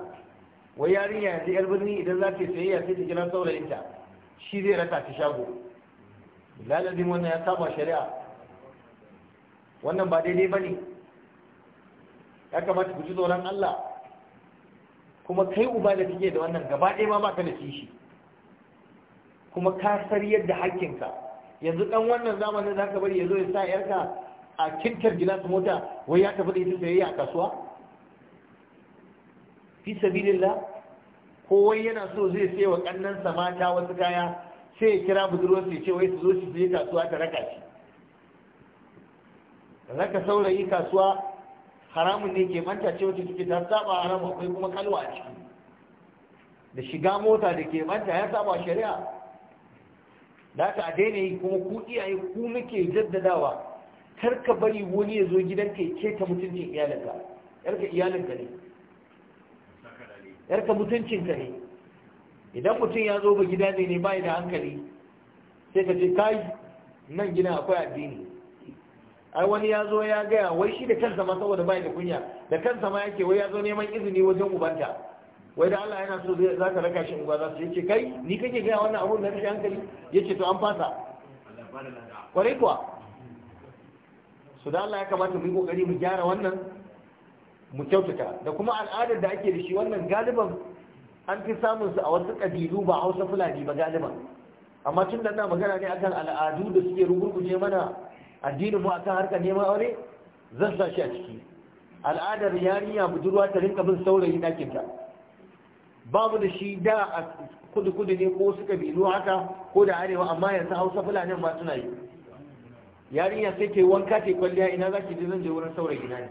wai yarinya yanzu 'yar birni idan za ta sayayya sai ta kira saurayinta shi zai rasa ta shago lalazin wannan ya saba shari'a wannan ba daidai ba ne ya kamata ku ji tsoron Allah kuma kai uba da kike da wannan gaba ɗaya ma baka da kishi kuma ka sar yadda hakkinka yanzu ɗan wannan zamanin za ka bari ya zo ya sa yarka a kirkar gilas mota wai ya tafi da ita sayayya a kasuwa fi sabilillah ko wai yana so zai sai wa kannan mata wasu kaya sai ya kira budurwar su ce wai su zo su je kasuwa ta raka shi raka saurayi kasuwa haramun ne ke manta ce wacce take ta saba haramun akwai kuma kalwa a ciki da shiga mota da ke manta ya saba shari'a da aka a daina yi kuma ku iyaye ku muke jaddadawa kar ka bari wani ya zo gidanka ya keta mutuncin iyalinka yarka iyalinka ne yarka mutuncinka ne idan mutum ya zo ba gida ne ne bai da hankali sai ka ce kai nan gina akwai addini ai wani ya zo ya gaya wai shi da kansa ma saboda bai da kunya da kansa ma yake wai ya zo neman izini wajen ubanta wai da Allah yana so za ka raka shi uba za su yace kai ni kake gaya wannan abun na rashin hankali yace to an fasa kwarai kuwa su da Allah ya kamata mu yi kokari mu gyara wannan mu kyautata da kuma al'adar da ake da shi wannan galiban an fi samun su a wasu kabilu ba Hausa Fulani ba galiban amma tun da na magana ne akan al'adu da suke rugurguje mana addinin mu akan harkar neman aure zan sa shi a ciki al'adar yarinya budurwa ta rinka bin saurayi ɗakinta babu da shi da a kudu-kudu ne ko suka bilu haka ko da arewa amma yanzu hausa fulani ma suna yi yarinya sai ta wanka ta kwalliya ina za ki je zan je wurin saura gida ne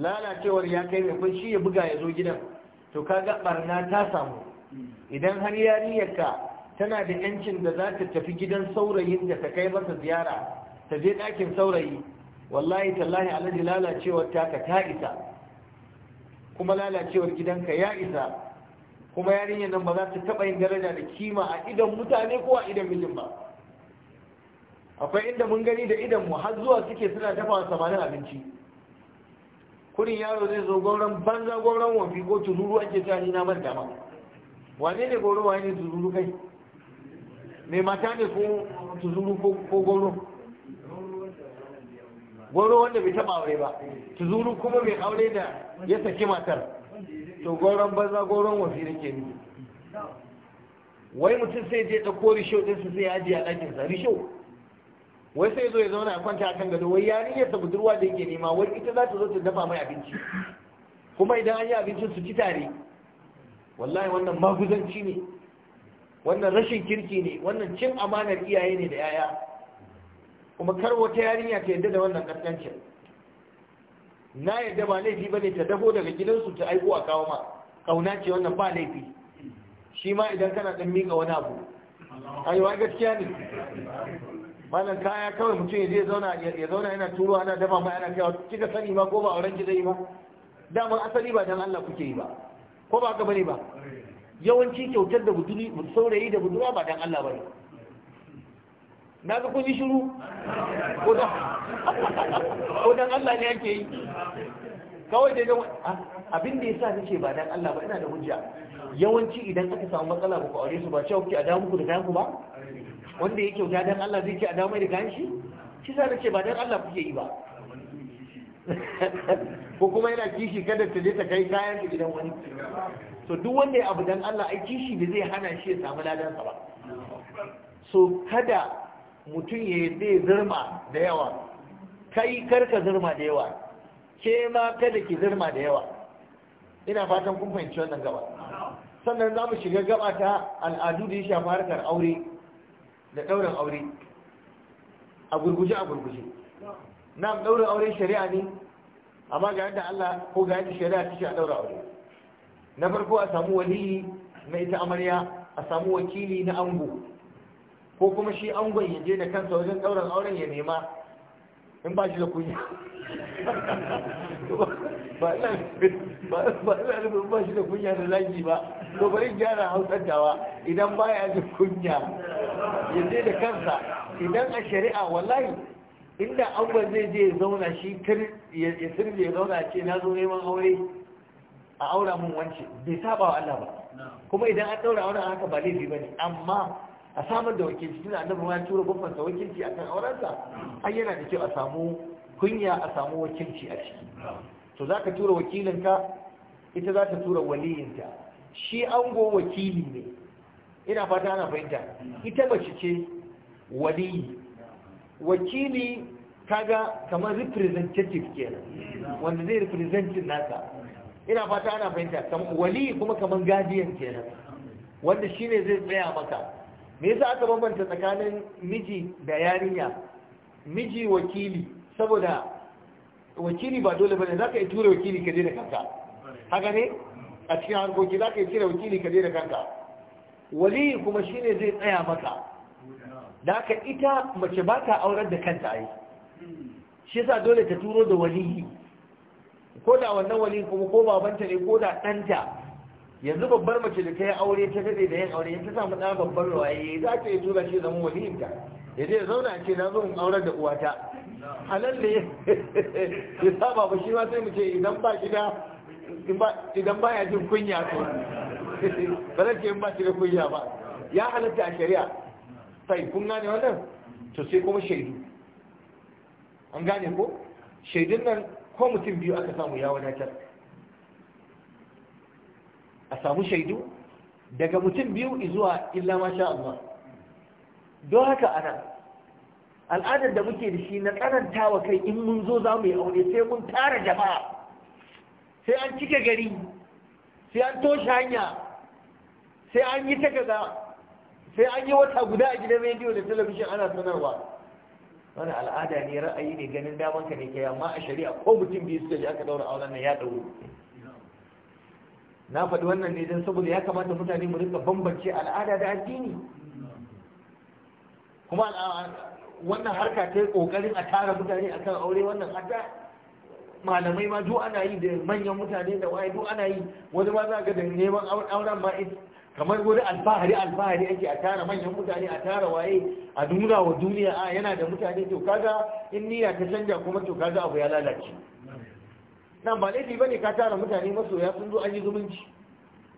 lalacewar ya kai mai shi ya buga ya zo gidan to kaga barna ta samu idan har yarinyarka tana da yancin da za ta tafi gidan saurayin da ta kai masa ziyara ta je ɗakin saurayi wallahi tallahi alaji lalacewar ta ka ta isa kuma lalacewar gidanka ya isa kuma yarinyar nan ba za ta taɓa yin daraja da kima a idon mutane ko a idon mijin ba akwai inda mun gani da idan mu har zuwa suke suna dafa samanin abinci kurin yaro zai zo gauran banza gauran wafi ko tururu ake ta nina na dama wane ne gauro wane ne tururu kai mai mata ne ko tururu ko gauro gauro wanda bai taba aure ba tururu kuma mai aure da ya saki matar to gauran banza gauran wafi ke ni wai mutum sai je ɗauko risho ɗinsu sai ya ajiye a ɗakinsa risho wai sai zo ya zauna a kwanta akan gado wai ya sa budurwa da yake nema wai ita za ta zo ta dafa mai abinci kuma idan an yi abincin su ci tare wallahi wannan maguzanci ne wannan rashin kirki ne wannan cin amanar iyaye ne da yaya kuma kar wata yarinya ta yadda da wannan kaskancin na yadda ba laifi bane ta dafo daga gidansu ta aiko a kawo ma kauna ce wannan ba laifi shi ma idan kana dan mika wani abu ai gaskiya ne malam kaya kawai mutum ya zauna ya zauna yana turo ana dafa mai ana kaiwa kika sani ba ko ba auren ki zai ba daman asali ba dan Allah kuke yi ba ko ba ka bane ba yawanci kyautar da buduri saurayi da budurwa ba dan Allah bane na ga kun yi shiru ko dan Allah ne yake yi kawai da ah, abin da yasa nake ba dan Allah ba ina da hujja yawanci idan aka samu matsala ba ku aure su ba cewa kuke a damu ku da kayan ku ba wanda ya wuta dan Allah zai ce a damar da kayan shi sa da ce ba dan Allah kuke yi ba ko kuma yana kishi kada ta je ta kai kayan da gidan wani so duk wanda ya abu dan Allah ai kishi da zai hana shi ya samu ladansa ba so kada mutum ya zai zirma da yawa kai karka zirma da yawa ke ma kada ki zirma da yawa ina fatan kun fahimci wannan gaba sannan za mu shiga gaba ta al'adu da ya shafi harkar aure da ɗaurin aure a gurguje a gurguje nan ɗaurin aure shari'a ne amma ga yadda Allah ko ga yadda shari'a ta a ɗaurin aure na farko a samu waliyi na ita amarya a samu wakili na ango ko kuma shi angon ya je da kansa wajen ɗaurin auren ya nema in ba shi da kunya ba ina nufin ba shi da kunya da lagi ba to bari gyara hausar dawa idan baya da kunya Yanzu da kansa idan a shari'a wallahi inda abuwa zai je ya zauna shi ya sirri ya zauna ce na zo neman aure a aura mun wance bai saba wa Allah ba kuma idan an daura auren haka ba laifi bane amma a samar da wakilci tunda annabi ya tura babban sa wakilci akan aurensa ai yana da kyau a samu kunya a samu wakilci a ciki to zaka tura wakilinka ita za ta tura waliyinta shi ango wakili ne ina fata ana fahimta ita mace ce waliyi wakili kaga kamar representative kenan wanda zai representin nasa ina fata ana fahimta waliyi kuma kamar guardian kenan wanda shine zai tsaya maka me yasa aka bambanta tsakanin miji da yarinya miji wakili saboda wakili ba dole bane zaka yi tura wakili ka je da kanka haka ne a cikin harkoki zaka yi tura wakili ka je da kanka waliyi kuma shine zai tsaya maka da aka ita mace ba ta aurar da kanta ai shi yasa dole ta turo da waliyi ko da wannan wali kuma ko babanta ne ko da ɗanta yanzu babbar mace da ta yi aure ta daɗe da yin aure ta samu ɗan babbar waye za ta yi tura shi zama waliyinta ya je zauna ce na zo in aurar da uwata a nan ne ya saba ba shi ma sai mu ce idan ba gida idan ba ya jin kunya to ba zan ce in ba shi da kunya ba ya halatta a shari'a sai kun gane wannan to sai kuma shaidu an gane ko shaidun nan ko mutum biyu aka samu ya wadatar a samu shaidu daga mutum biyu zuwa illa masha Allah don haka ana al'adar da muke da shi na tsanantawa kai in mun zo za mu yi aure sai mun tara jama'a sai an cike gari sai an toshe hanya sai an yi ta kaza sai an yi wata guda a gidan rediyo da talabijin ana sanarwa wani al'ada ne ra'ayi ne ganin daman ka ne ke amma a shari'a ko mutum biyu suka ji aka daura auren nan ya dauro na faɗi wannan ne don saboda ya kamata mutane mu rika bambance al'ada da addini kuma wannan harka ta yi ƙoƙarin a tara mutane a kan aure wannan hada malamai ma duk ana yi da manyan mutane da waye duk ana yi wani ma za ga da neman auren ma kamar wani alfahari alfahari ake a tara manyan mutane a tara waye a nuna wa duniya a ah, yana da mutane to kaga in niyya ta canja kuma to kaga abu ya lalace nan ba laifi bane ka tara mutane masoya sun zo an yi zumunci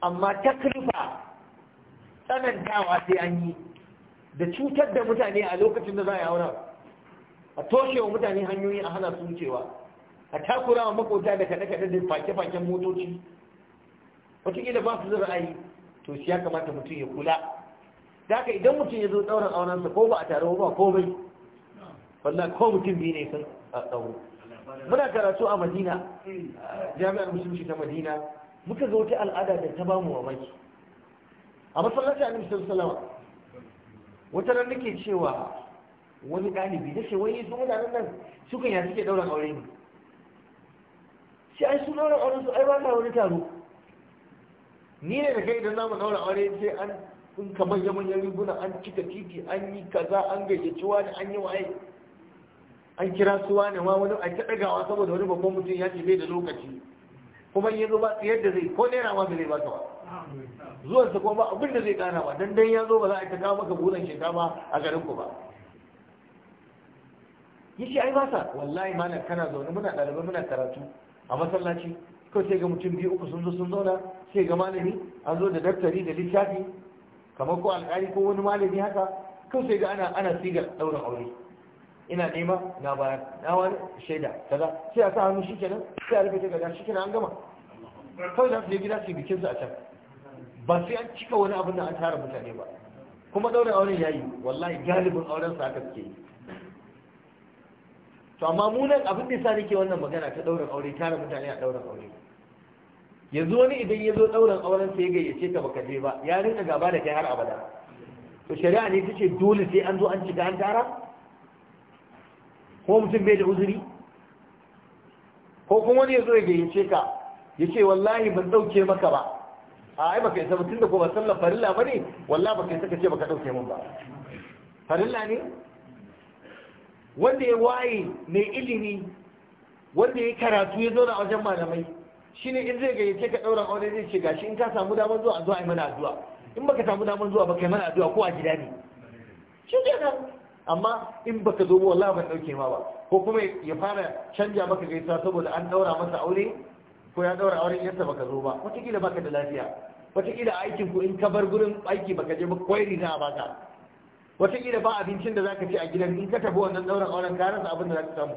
amma taklifa tsanantawa sai an yi da cutar da mutane a lokacin da za a yi aura a toshe wa mutane hanyoyi a hana su wucewa a takura wa makota da kaɗe-kaɗe da fake-faken motoci wataƙila ba su da ra'ayi to shi ya kamata mutum ya kula Da daga idan mutum ya zo ɗaurin aunansa ko ba a tare ba ko bai wanda ko mutum biyu ne sun ɗauro muna karatu a madina jami'ar musulunci ta madina muka zo wata al'ada da ta bamu maki. a masallaci a nufisar salama wata nan nake cewa wani ɗalibi na shewa yi su mutanen nan sukan ya suke ɗaurin aure ne sai a su ɗaurin aure su ai ba ta wani taro ni ne da kai idan zamu daura aure sai an in ka manya manyan riguna an cika titi an yi kaza an gayyaci wani an yi waye an kira su wani ma wani an gawa saboda wani babban mutum ya ce bai da lokaci kuma in yazo ba yadda zai ko naira ma zai ba ta ba zuwan sa kuma ba abin da zai kana ba dan dan zo ba za a ta kawo maka buran ba a garin ku ba yace ai ba sa wallahi malam kana zaune muna ɗalibai muna karatu a masallaci kawai sai ga mutum biyu uku sun zo sun zauna ce ga malami an zo da daftari da littafi kamar ko alƙari ko wani malami haka kan sai ga ana ana sigar ɗaurin aure ina nema na bayar na wani shaida kaza sai a sa hannu shi kenan sai a rufe takarda shi kenan an gama kawai za su je gida su bikin su a can ba sai an cika wani abin da an tara mutane ba kuma ɗaurin auren ya yi wallahi galibin auren sa aka suke yi to amma mu abin da sa nake wannan magana ta ɗaurin aure tara mutane a ɗaurin aure yanzu wani idan ya zo ɗaurin auren sai ya yace ka baka je ba ya rinka gaba da kai har abada to shari'a ne ta ce dole sai an zo an cika an tara ko mutum bai da uzuri ko kuma wani ya zo ya gayyace ka ya ce wallahi ban ɗauke maka ba a ai baka isa mutum da ko ba sallar farilla ba ne wallahi baka isa ka ce baka ɗauke min ba farilla ne wanda ya waye mai ilimi wanda ya karatu ya zauna a wajen malamai shine in zai gayyace ka ɗaura aure zai ce gashi in ka samu damar zuwa zuwa yi mana addu'a in baka samu damar zuwa baka yi mana addu'a ko a gida ne shi kenan amma in baka zo wallahi ban dauke ma ba ko kuma ya fara canja maka gaisuwa saboda an daura masa aure ko ya daura auren yasa baka zo ba wataƙila baka da lafiya wataƙila aikin ku in ka bar gurin aiki baka je ba kwairi za a baka wataƙila ba abincin da zaka ci a gidan in ka tafi wannan dauran auren ka rasa abin da zaka samu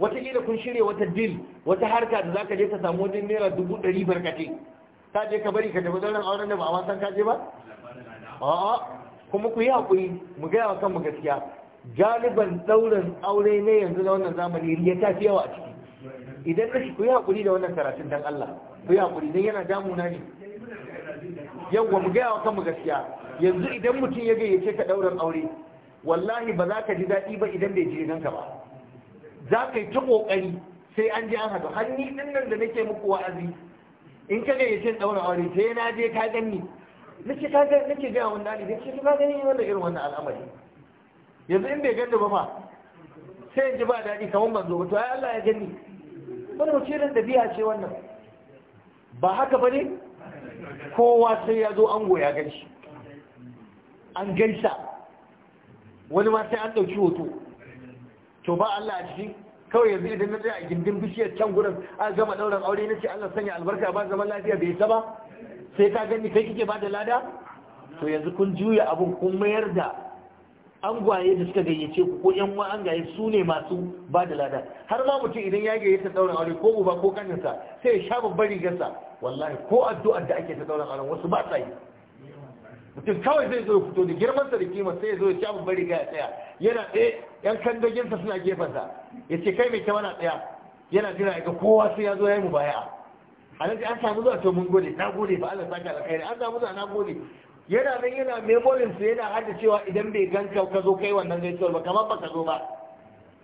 wataƙila kun shirya wata dil wata harka da zaka je ka samu wajen naira dubu ɗari barkate ka je ka bari ka tafi zauren auren da ba a wasan ka je ba a'a kuma ku yi haƙuri mu gaya wa kanmu gaskiya galiban ɗaurin aure ne yanzu na wannan zamani ya tafi yawa a ciki idan na ku yi haƙuri da wannan karatun dan Allah ku yi haƙuri dan yana damuna ne yawwa mu gaya wa kanmu gaskiya yanzu idan mutum ya gayyace ka ɗaurin aure wallahi ba za ka ji daɗi ba idan bai je ganka ba za ka yi ta ƙoƙari sai an je an haɗu hannu ɗin nan da nake muku wa'azi in ka ga yace ɗaura aure sai na je ka ganni nake ka ga nake ga wani ali nake ka gani wannan irin wannan al'amari yanzu in bai ganni ba fa sai in ji ba daɗi kamar manzo ba to ai Allah ya gani wani wace da dabi'a ce wannan ba haka ba ne? kowa sai ya zo ango ya ganshi an gaisa wani ma sai an ɗauki hoto to ba Allah a cikin kawai yanzu idan na tsaye a gindin bishiyar can gurin a gama ɗaurin aure na ce Allah sanya albarka ba zaman lafiya bai ta ba sai ka gani kai kike ba da lada to yanzu kun juya abun kun mayar da angwaye da suka gayyace ku ko yan uwa angaye su ne masu ba da lada har ma mutum idan ya gayyata ɗaurin aure ko uba ko kanyarsa sai ya sha babbar rigarsa wallahi ko addu'ar da ake ta ɗaurin aure wasu ba sa yi mutum kawai zai zo fito da girman sa da kima sai zo ya ci abin bari ga ya tsaya yana tsaye yan sa suna sa ya ce kai mai kyau na tsaya yana jira ga kowa sai ya zo ya yi mu baya sai an samu zuwa to mun gode na gode ba Allah saka alkhairi an samu zuwa na gode yana nan yana memorin su yana hada cewa idan bai gan ka zo kai wannan gaisuwar ba kamar ka zo ba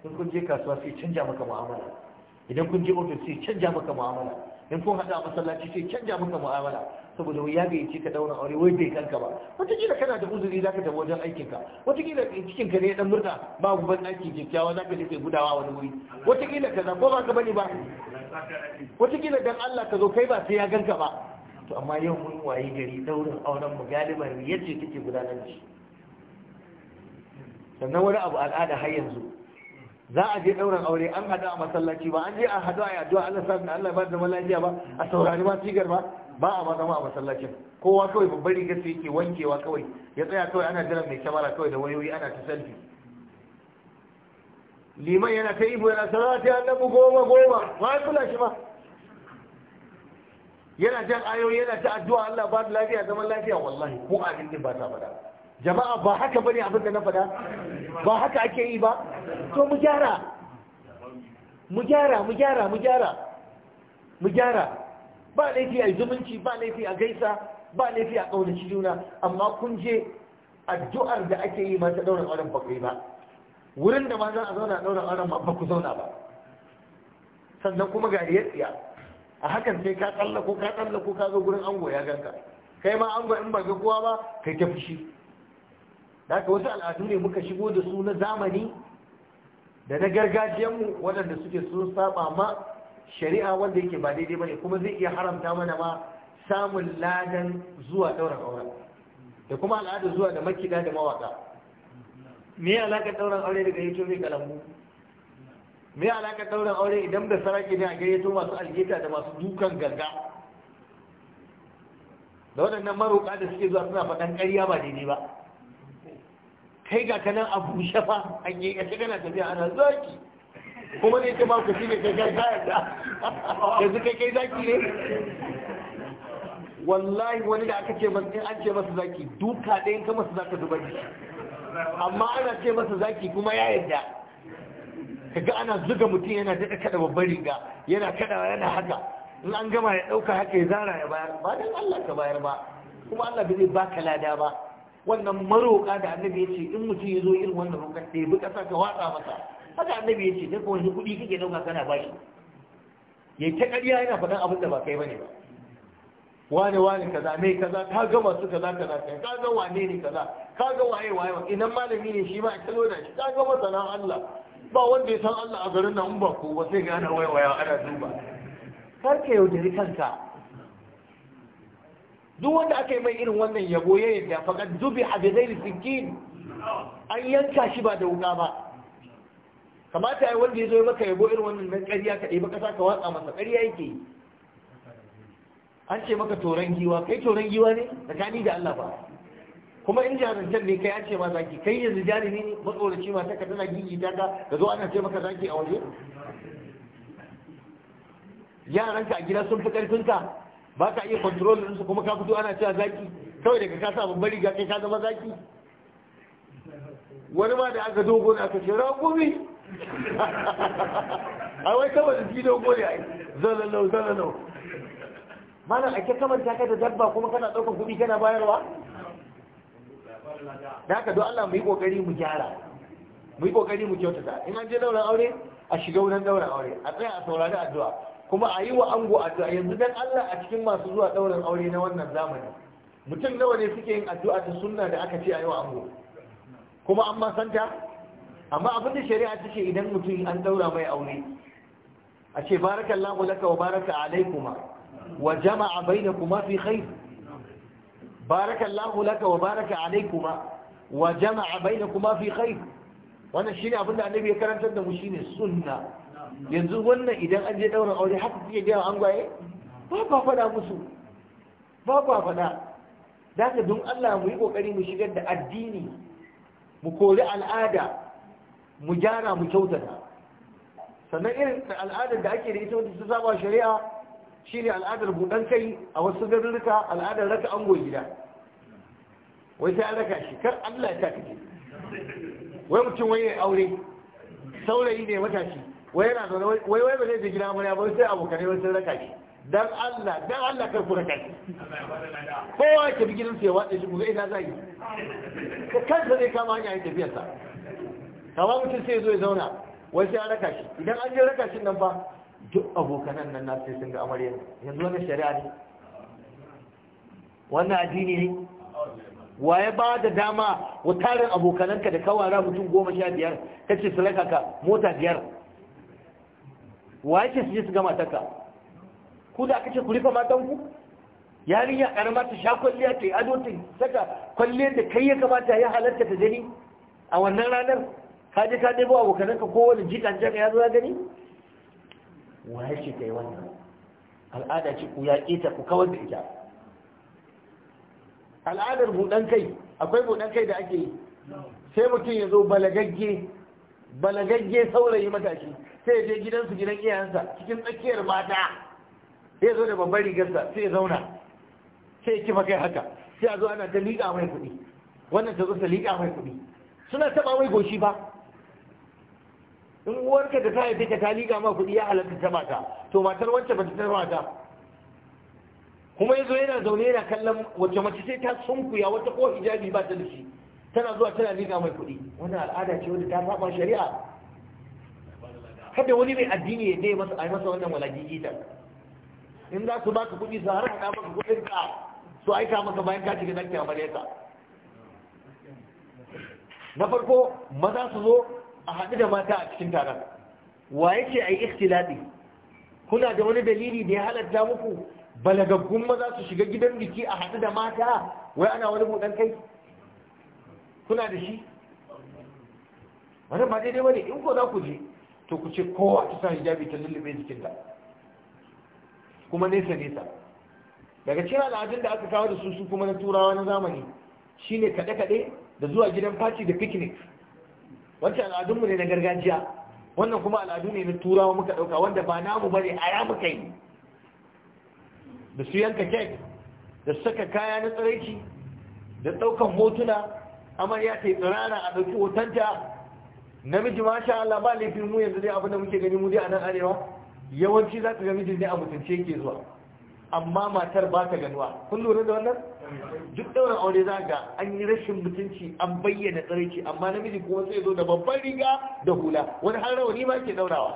in kun je kasuwa sai canja maka mu'amala idan kun je ofis sai canja maka mu'amala in kun hada masallaci sai canja maka mu'amala saboda ya gayyace ka daura aure wai bai kanka ba wataƙila kana da uzuri za ka tafi wajen aikinka wataƙila cikinka ne dan murna ba guban aiki kyakkyawa za ka je kai gudawa wani wuri wataƙila kaza ko ba ka bane ba wataƙila dan Allah ka zo kai ba sai ya ganka ba to amma yau mun waye gari daurin auren mu galiban yace take gudanar da shi sannan wani abu al'ada har yanzu za a je ɗaurin aure an haɗu a masallaci ba an je a haɗu a yaduwa Allah sa da Allah ba da malajiya ba a saurari ma sigar ba ba a zama a masallacin kowa kawai babbar rigar su yake wankewa kawai ya tsaya kawai ana jiran mai kyamara kawai da wayoyi ana ta salfi liman yana ta ibo yana salati mu goma goma ba ya kula shi ba yana jan ayoyi yana ta addu'a Allah ba da lafiya zaman lafiya wallahi ko a jirgin ba ta fada jama'a ba haka bane abin da na fada ba haka ake yi ba to mu gyara mu gyara mu gyara mu gyara mu gyara ba laifi a zumunci ba laifi a gaisa ba laifi a ƙaunaci juna amma kun je addu'ar da ake yi mata ɗaunar auren ba ba wurin da ma za a zauna ɗaunar auren ba ku zauna ba sannan kuma ga tsiya a hakan sai ka tsalla ko ka tsalla ko ka zo gurin ango ya ganka kai ma ango in ba ga kowa ba kai ta fushi da wasu al'adu ne muka shigo da su na zamani da na gargajiyanmu waɗanda suke sun saba ma shari'a wanda yake ba daidai bane kuma zai iya haramta mana ma samun ladan zuwa ɗaurin aure da kuma al'adar zuwa da makida da mawaka me ya alaka ɗaurin aure daga yato mai kalambu me ya alaka ɗaurin aure idan da sarki ne a gayyato masu algeta da masu dukan ganga da waɗannan maroƙa da suke zuwa suna faɗan ƙarya ba daidai ba kai ga kanan abu shafa an yi ƙashe kana tafiya ana zaki kuma ne ce ba ku shine kai kai da yanzu kai kai zaki ne wallahi wani da aka ce masa an ce masa zaki duka ɗayan ka masa zaka zubar da amma ana ce masa zaki kuma ya yarda kaga ana zuga mutum yana daɗa kada babban riga yana kadawa yana haka in an gama ya ɗauka haka ya zara ya bayar ba dan Allah ka bayar ba kuma Allah bai zai baka lada ba wannan maroka da annabi ya ce in mutum ya zo irin wannan roƙar ɗaya bi ƙasa ka watsa masa haka annabi ya ce sai ko wani kuɗi kake ɗauka kana bashi ya ta ƙarya yana faɗan abin da ba kai bane ba Wani wani, kaza mai kaza ka ga masu kaza kaza ka ga wane ne kaza ka ga waye waye idan malami ne shi ma a kallo da shi ka ga masana Allah ba wanda ya san Allah a garin nan ba ko ba sai ga ana waye waye ana duba kar ka yaudari kanka duk wanda aka yi mai irin wannan yabo ya yadda fakat zubi a bi ghairi sikin an yanka shi ba da wuka ba kamata ya wanda ya zo maka yabo irin wannan nan ƙarya ka ɗebi ƙasa ka watsa masa ƙarya yake yi an ce maka toron giwa kai toron giwa ne tsakani da Allah ba kuma in jarumtar ne kai an ce ma zaki kai yanzu jarumi ne matsoraci mata ka tana ta ka ka zo ana ce maka zaki a waje yaranka a gida sun fi ka ba ka iya kontrol ɗinsu kuma ka fito ana cewa zaki kawai daga ka sa babbar riga kai ka zama zaki wani ma da aka dogo na aka ce ragumi a wai kama da gido gole a zalalau zalalau malam ake kamanta ka da dabba kuma kana daukar kuɗi kana bayarwa da haka don Allah mu yi ƙoƙari mu gyara mu yi ƙoƙari mu kyautata in an je dauran aure a shiga wurin dauran aure a tsaya a saurari addu'a kuma a yi wa ango addu'a yanzu don Allah a cikin masu zuwa dauran aure na wannan zamani mutum nawa ne suke yin addu'a da sunna da aka ce a yi wa ango kuma an ma santa amma abin da shari'a ta ce idan mutum an daura mai aure a ce barakallahu laka wa baraka alaikuma wa jama'a bainakuma fi khair barakallahu laka wa baraka alaikuma wa jama'a bainakuma fi khair wannan shine abin da annabi ya karantar da mu shine sunna yanzu wannan idan an je daura aure haka kuke ga an gwaye ba ba faɗa musu ba ba faɗa da don Allah mu yi kokari mu shigar da addini mu kori al'ada mu gyara mu kyautata sannan irin al'adar da ake da ita wata ta saba shari'a shine al'adar buɗan kai a wasu garuruka al'adar raka ango gida wai sai an raka shi kar Allah ya taka wai mutum wai aure saurayi ne matashi wai yana zaune wai wai ba zai je gida murya ba sai abokanai wai sun raka shi dan Allah dan Allah kar ku raka shi kowa ke bi gidan sai ya watsa shi ku ga ina zai kansa zai kama hanya ya tafiyarsa kama mutum sai zo ya zauna wai sai an raka shi idan an je raka shi nan fa duk abokanan nan na sai sun ga amarya yanzu wani shari'a ne wannan addini ne wa ya ba da dama wa tarin abokananka da kawara mutum goma sha biyar Ka ce su raka ka mota biyar wa yake su je su gama taka ku da aka ce ku rufe matanku yarinya karama ta sha kwalliya ta yi ado ta saka kwalliyar da kai ya kamata ya halatta ta jini a wannan ranar ka je ka ɗebo abokananka ko wani jikan jaka ya zo ya gani wa ya ce kai wannan al'ada ce ku ya ƙeta ku kawar da ita al'adar buɗan kai akwai buɗan kai da ake yi sai mutum ya zo balagagge balagagge saurayi matashi sai ya je gidansu gidan iyayensa cikin tsakiyar mata sai ya zo da babbar rigarsa sai ya zauna sai ya kifa kai haka sai a zo ana ta liƙa mai kuɗi wannan ta zo ta liƙa mai kuɗi suna taɓa mai goshi ba in uwarka da ta haife ka ta liga ma kuɗi ya halatta ta mata to matar wacce ba ta mata kuma yazo yana zaune yana kallon wacce mace sai ta sunkuya wata ko hijabi ba ta da shi tana zuwa tana liga mai kuɗi wannan al'ada ce wanda ta saba shari'a kada wani mai addini ya dai masa ai masa wannan walaji ta in za su baka kuɗi su har hada maka kuɗin ka su aika maka bayan ka shiga nan kyamar na farko maza su zo a haɗu da mata a cikin taron wa yake a yi ikhtilaɗi kuna da wani dalili da ya halatta muku balagaggun maza su shiga gidan biki a haɗu da mata wai ana wani buɗan kai kuna da shi wani ba daidai wani in ko za ku je to ku ce kowa ta sa hijabi ta lullube jikinta kuma nesa nesa daga cikin al'adun da aka kawo da su su kuma na turawa na zamani shine kaɗe-kaɗe da zuwa gidan faci da picnic wancan al'adunmu ne na gargajiya wannan kuma al'adu ne na turawa muka ɗauka wanda ba namu bane a ya muka yi da su yanka kek da saka kaya na tsiraici da ɗaukan hotuna amarya ta yi tsirana a ɗauki hotonta namiji masha Allah ba laifin mu yanzu dai abin da muke gani mu dai a nan arewa yawanci za ka ga mijin ne a mutunce yake zuwa amma matar ba ta ganuwa kun lura da wannan duk ɗaurin aure za ga an yi rashin mutunci an bayyana tsarki amma namiji kuma sai zo da babban riga da hula wani har rawani ma ke daurawa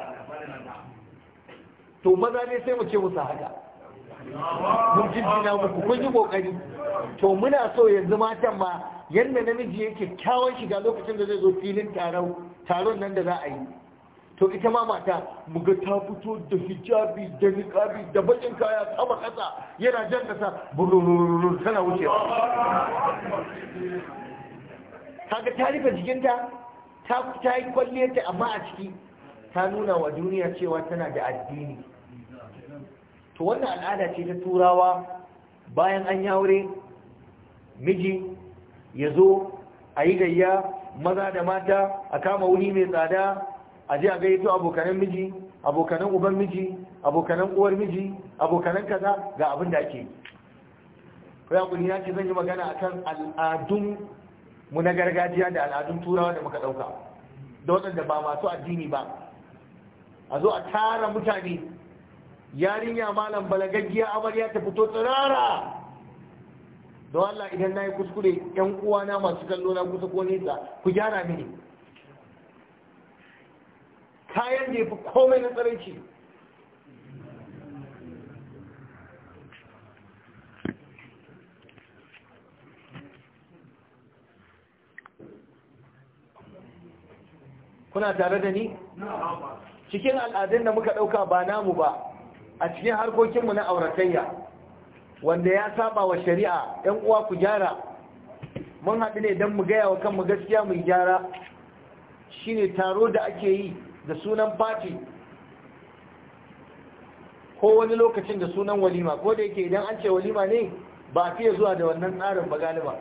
to maza ne sai mu ce musu haka mun jinjina muku kun yi kokari to muna so yanzu matan ma yadda namiji yake kyawun shiga lokacin da zai zo filin taron nan da za a yi to ita ma mata muga ta fito da hijabi da niqabi da baƙin kaya sama ƙasa yana jan kasa burururur tana wucewa kaga ta rufe jikinta ta ta yi kwalliyarta amma a ciki ta nuna wa duniya cewa tana da addini to wannan al'ada ce ta turawa bayan an yaure miji ya zo a yi gayya maza da mata a kama wuni mai tsada a je a gayyato abokanan miji abokanan uban miji abokanan uwar miji abokanan kaza ga abin da ake ya kuni ya ce zan yi magana akan al'adun mu na gargajiya da al'adun turawa da muka dauka da waɗanda ba masu addini ba a zo a tara mutane yarinya malam balagaggiya amarya ta fito tsirara don Allah idan na yi kuskure 'yan uwana masu kallo na kusa ko nesa ku gyara mini kayan da ya fi komai na tsaranci kuna tare da ni? cikin al'adun da muka ɗauka ba namu ba a cikin harkokinmu na auratayya wanda ya saba wa shari'a ‘yan uwa ku gyara mun haɗu ne don mu gaya wa kanmu gaskiya mu gyara shine taro da ake yi da sunan Fati, ko wani lokacin da sunan walima ko da yake idan an ce walima ne ba fiye zuwa da wannan tsarin ba galiba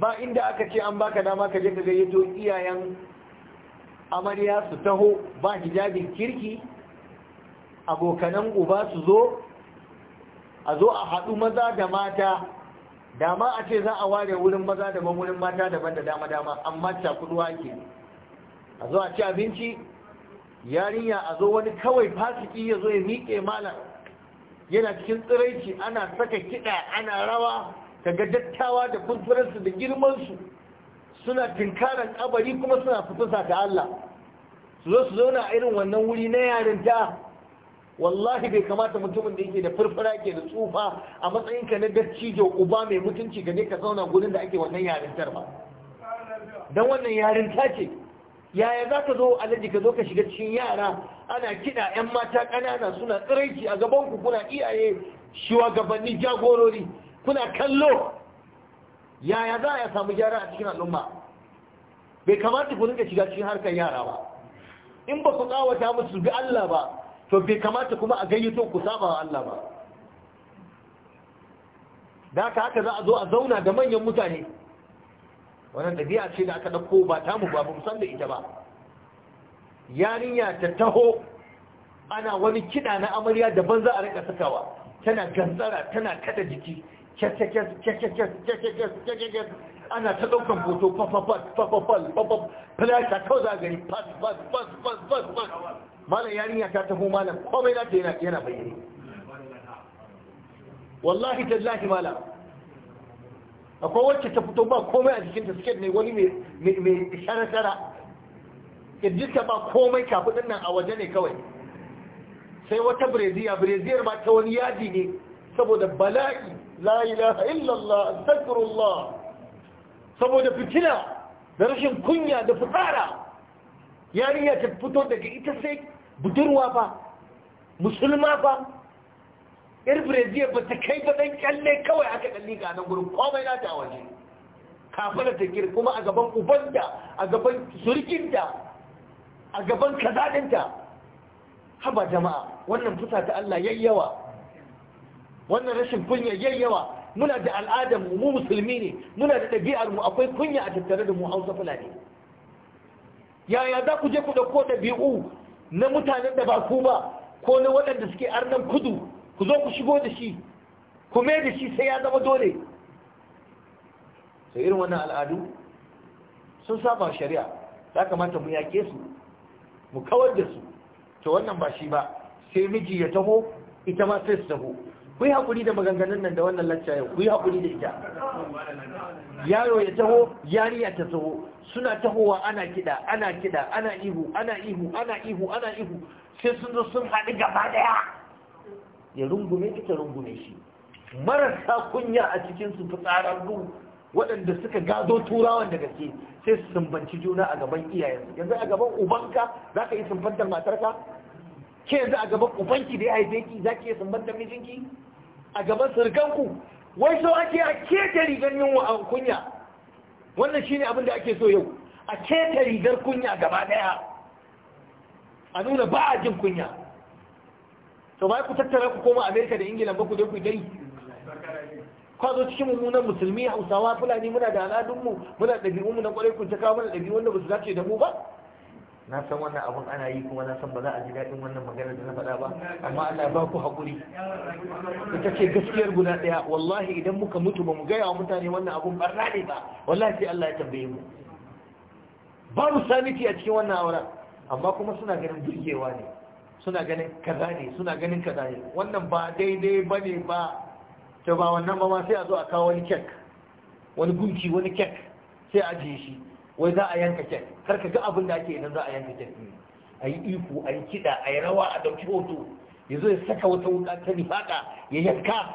ba inda aka ce an baka dama ka je ka gayyato iyayen amarya su taho ba hijabin kirki abokanan uba su zo a zo a haɗu maza da mata dama a ce za a ware wurin maza daban wurin mata daban da dama-dama amma cakuduwa ke a zo a ci abinci yarinya a zo wani kawai fasiki ya zo ya miƙe malam yana cikin tsiraici ana saka kiɗa ana rawa kaga dattawa da kunturansu da girmansu suna tinkarar ƙabari kuma suna fitasa ta Allah su zo su zauna a irin wannan wuri na yarinta wallahi bai kamata mutumin da yake da furfura ke da tsufa a matsayinka na dattijo uba mai mutunci ga ne ka zauna gudun da ake wannan yarintar ba don wannan yarinta ce yaya za ka zo alaji ka zo ka shiga cikin yara ana kiɗa 'yan mata ƙanana suna tsiraici a gabanku kuna iyaye shugabanni jagorori kuna kallo yaya za a samu gyara a cikin al'umma bai kamata ku rinka shiga cikin harkar yara ba in ba ku tsawata musu bi Allah ba to bai kamata kuma a gayyato ku saba wa Allah ba da haka haka za a zo a zauna da manyan mutane wannan ɗabi'a ce da aka ɗauko ba ta mu ba mu san da ita ba yarinya ta taho ana wani kiɗa na amarya daban za a rika sakawa tana gantsara tana kada jiki ana ta ɗaukan hoto flasha yarinya ta bayyane akwai wacce ta fito ba komai a jikinta siket ne wani mai shara-shara kirjinta ba komai kafin nan a waje ne kawai sai wata breziya breziyar ba ta wani yadi ne saboda bala'i la ilaha illallah astaghfirullah saboda fitina da rashin kunya da fitsara yarinya ta fito daga ita sai budurwa ba musulma ba yar jiya ba ta kai ba dan kyalle kawai aka kalli ga nan gurin komai na ta waje kafara ta kir kuma a gaban ubanta a gaban surkinta a gaban kazaɗinta, haba jama'a wannan fusa ta Allah yayyawa wannan rashin kunya yayyawa muna da al'adar mu musulmi ne muna da ɗabi'ar mu akwai kunya a tattare da mu Hausa Fulani yaya za ku je ku ɗauko ɗabi'u na mutanen da ba ku ba ko na waɗanda suke arnan kudu ku zo ku shigo da shi ku mai da shi sai ya zama dole sai irin wannan al'adu sun saba shari'a ya kamata mu yake su mu kawar da su to wannan ba shi ba sai miji ya taho ita ma sai su taho ku yi haƙuri da maganganun nan da wannan lacca yau ku yi haƙuri da ita yaro ya taho yariya ta taho suna tahowa ana kiɗa ana kiɗa ana ihu ana ihu ana ihu ana ihu sai sun zo sun haɗu gaba ɗaya ya rungume ita rungume shi marasa kunya a cikin su fitsararru waɗanda suka gado turawan da gaske sai su sumbanci juna a gaban iyayensu yanzu a gaban ubanka za ka yi sumbantar matarka ke yanzu a gaban ubanki da ya haife ki za ki yi sumbantar mijinki a gaban surganku wai so ake a keta rigar yin wa kunya wannan shine abin da ake so yau a keta rigar kunya gaba daya a nuna ba a jin kunya to ba ku tattara ku koma amerika da ingila ba ku je ku dai kwazo cikin mummunan musulmi hausawa fulani muna da al'adunmu muna da ɗabi'unmu na ƙwarai kun ta kawo mana ɗabi'u wanda ba su dace da mu ba na san wannan abun ana yi kuma na san ba za a ji daɗin wannan maganar da na faɗa ba amma Allah ba ku haƙuri ita ce gaskiyar guda ɗaya wallahi idan muka mutu ba mu gaya wa mutane wannan abun barna ne ba wallahi sai Allah ya tambaye mu Ba babu saniti a cikin wannan auren, amma kuma suna ganin burgewa ne suna ganin kaza ne suna ganin kaza ne wannan ba daidai ba ne ba ta ba wannan ba ma sai a zo a kawo wani kek wani gunki wani kek sai a je shi wai za a yanka kek kar ka ga abin da ake idan za a yanka kek a yi iko a yi kiɗa a yi rawa a ɗauki hoto ya zo ya saka wata wuka ta nifaƙa, ya yanka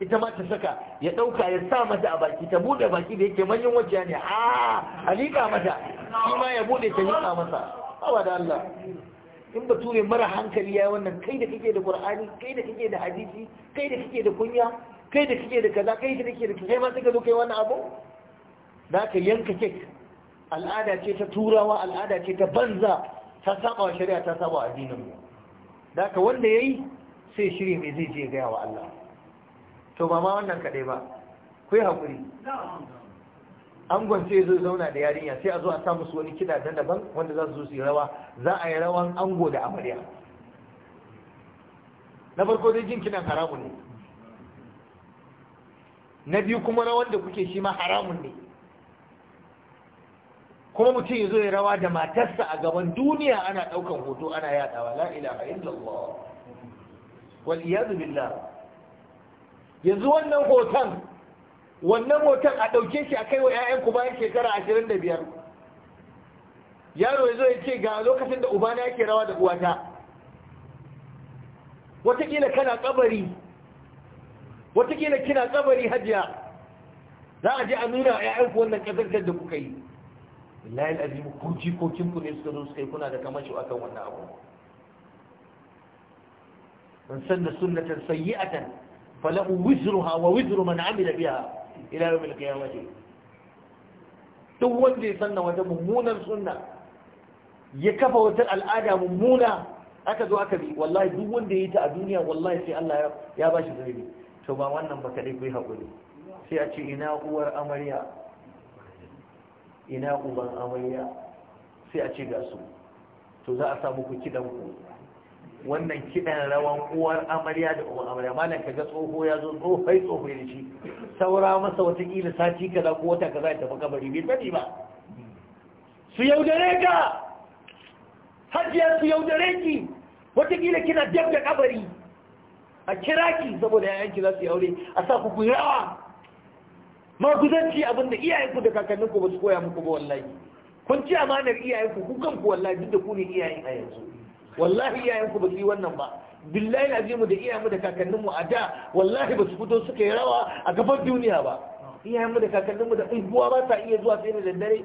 ita ma ta saka ya ɗauka ya sa mata a baki ta buɗe baki da yake manyan wajiya ne a liƙa mata shi ma ya buɗe ta liƙa masa Awa da Allah in bature mara hankali ya wannan kai da kake da qur'ani kai da kake da hadisi kai da kake da kunya kai da kake da kaza kai da kake da kai ma suka zo kai wannan abu da ka yanka kek al'ada ce ta turawa al'ada ce ta banza ta saba wa shari'a ta saba wa addinin mu da ka wanda yayi sai shiri mai zai je ga wa Allah to ba ma wannan kadai ba ku yi hakuri angon sai zo zauna da yarinya sai a zo a sa musu wani kiɗa na daban wanda za su zo su yi rawa za a yi rawan ango da amarya na farko dai jin kiɗan haramu ne na biyu kuma rawan da kuke shi ma haramun ne kuma mutum ya zo ya rawa da matarsa a gaban duniya ana ɗaukan hoto ana yaɗawa la ilaha illallah wal iyadu billah yanzu wannan hoton wannan hoton a ɗauke shi a kai wa 'ya'yanku bayan shekara ashirin da biyar yaro ya zo ya ce ga lokacin da ubana yake rawa da uwata watakila kana kabari watakila kina kabari hajiya za a je a nuna wa 'ya'yanku wannan ƙazartar da kuka yi layin azimu ko jikokinku ne suka zo suka yi kuna da kamashi akan wannan abu من سنة سنة سيئة فله وزرها ووزر من عمل بها ila yawmil qiyamati duk wanda ya sanna wata mummunar sunna ya kafa wata al'ada mummuna aka zo aka bi wallahi duk wanda ya yi ta a duniya wallahi sai Allah ya ba shi zaibi to ba wannan ba kadai kai hakuri sai a ce ina uwar amarya ina uban amarya sai a ce ga su to za a samu ku kiɗan ku wannan kidan rawan uwar amarya da uwar amarya malam kaga tsoho ya zo tsohai tsohai da shi saura masa watakila sati kaza ko wata kaza ya tafi kabari bai sani ba su yaudare ka hajiya su yaudare ki watakila kina dab da kabari a kira ki saboda yayanki za su yi aure a sa ku rawa maguzanci abinda iyayenku da kakanninku ba su koya muku ba wallahi kun ci amanar iyayenku ku kanku wallahi duk da ku ne iyayen a yanzu wallahi iyayenku ba su yi wannan ba billahi azimu da iyayenmu da kakanninmu a da wallahi ba su fito suka yi rawa a gaban duniya ba iyayenmu da kakanninmu da unguwa ba sa iya zuwa sai da daddare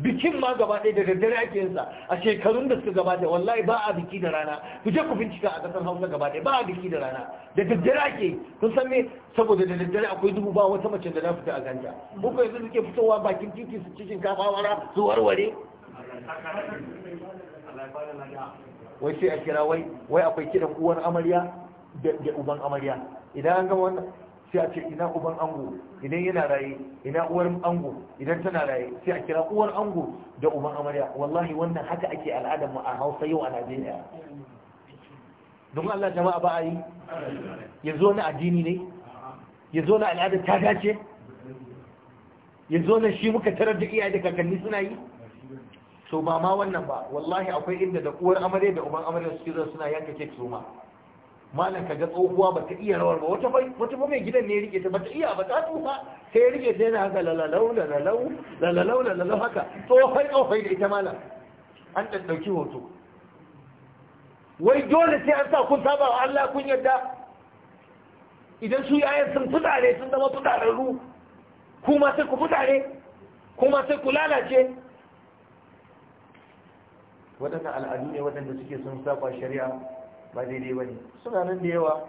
bikin ma gaba ɗaya da daddare ake yinsa a shekarun da suka gabata wallahi ba a biki da rana ku je ku bincika a ƙasar hausa gaba ɗaya ba a biki da rana da daddare ake kun san me saboda da daddare akwai dubu ba wata mace da na fita a ganta ko yanzu suke fitowa bakin titi su cikin kafawara su warware wai sai a kira wai wai akwai kidan uwar amarya da uban amarya idan an gama wannan sai a ce ina uban ango idan yana raye ina uwar ango idan tana raye sai a kira uwar ango da uban amarya wallahi wannan haka ake al'adar mu a Hausa yau a Najeriya don Allah jama'a ba a yi ya zo wani addini ne Ya zo wani al'adar ta dace Ya zo na shi muka tarar da iyaye da kakanni suna yi to ba ma wannan ba wallahi akwai inda da uwar amarya da uban amarya su zuwa suna yanka ke su ma ka ga tsohuwa ba ta iya rawar ba wata fa wata fa mai gidan ne rike ta ba ta iya ba ta tsufa sai rike ta yana haka lalalau lalalau lalalau lalalau haka tsohon tsohon da ita malam an ɗauki hoto wai dole sai an sa kun saba wa Allah kun yadda idan su yayan sun fitare sun zama fitararru kuma sai ku fitare kuma sai ku lalace waɗannan al'adu ne waɗanda suke sun saba shari'a ba daidai ba ne suna nan da yawa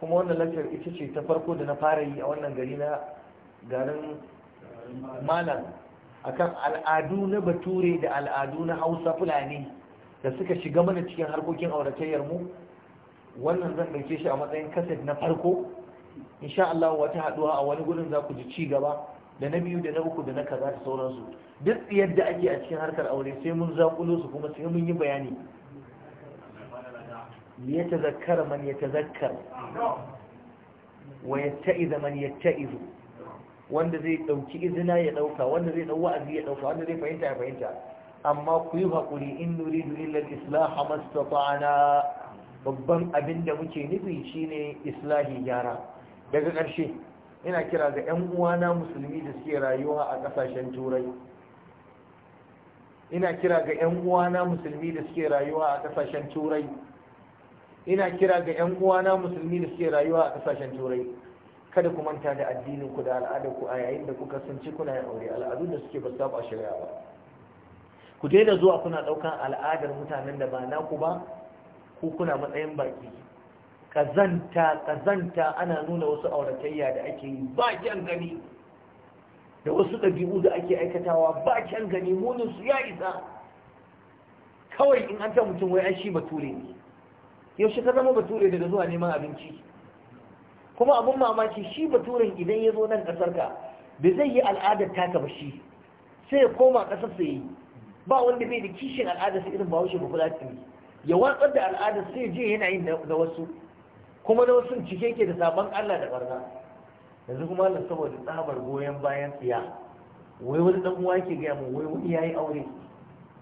kuma wannan lafiyar ita ce ta farko da na fara yi a wannan gari na garin malam akan al'adu na bature da al'adu na hausa fulani da suka shiga mana cikin harkokin auratayyar mu wannan zan ɗauke shi a matsayin kaset na farko insha Allah wata haɗuwa a wani gudun za ku ji ci gaba da na biyu da na uku da na kaza da sauransu duk yadda ake a cikin harkar aure sai mun zakulo su kuma sai mun yi bayani ya tazakkara man ya tazakkar wa ya yatta'iza man yatta'izu wanda zai dauki izina ya dauka wanda zai dau wa'azi ya dauka wanda zai fahimta ya fahimta amma ku yi hakuri in nuridu illa al-islah mastata'ana babban abin da muke nufi shine islahi gyara daga ƙarshe ina kira ga 'yan uwana musulmi da suke rayuwa a ƙasashen turai ina kira ga 'yan uwana musulmi da suke rayuwa a kasashen turai ina kira ga 'yan uwana musulmi da suke rayuwa a kasashen turai kada ku manta da addinin ku da al'adar ku a yayin da kuka sun ci kuna aure al'adu da suke ba su saba shari'a ba ku daina zuwa kuna ɗaukan al'adar mutanen da ba naku ba ko kuna matsayin baki kazanta kazanta ana nuna wasu auratayya da ake yi ba gani da wasu ɗabi'u da ake aikatawa ba kyan gani munin ya isa kawai in an ta mutum wai an shi bature ne yaushe ka zama bature daga zuwa neman abinci kuma abin mamaki shi baturen idan ya zo nan ƙasar ka bai zai yi al'adar taka ba shi sai ya koma ƙasar sa yi ba wanda bai da kishin al'adar sa irin bahaushe ba kula ya watsar da al'adar sai je yana yin da wasu kuma da wasu cike ke da sabon Allah da barna yanzu kuma Allah saboda tsabar goyon bayan tsiya wai wani dan uwa yake gaya mu wai wani yayi aure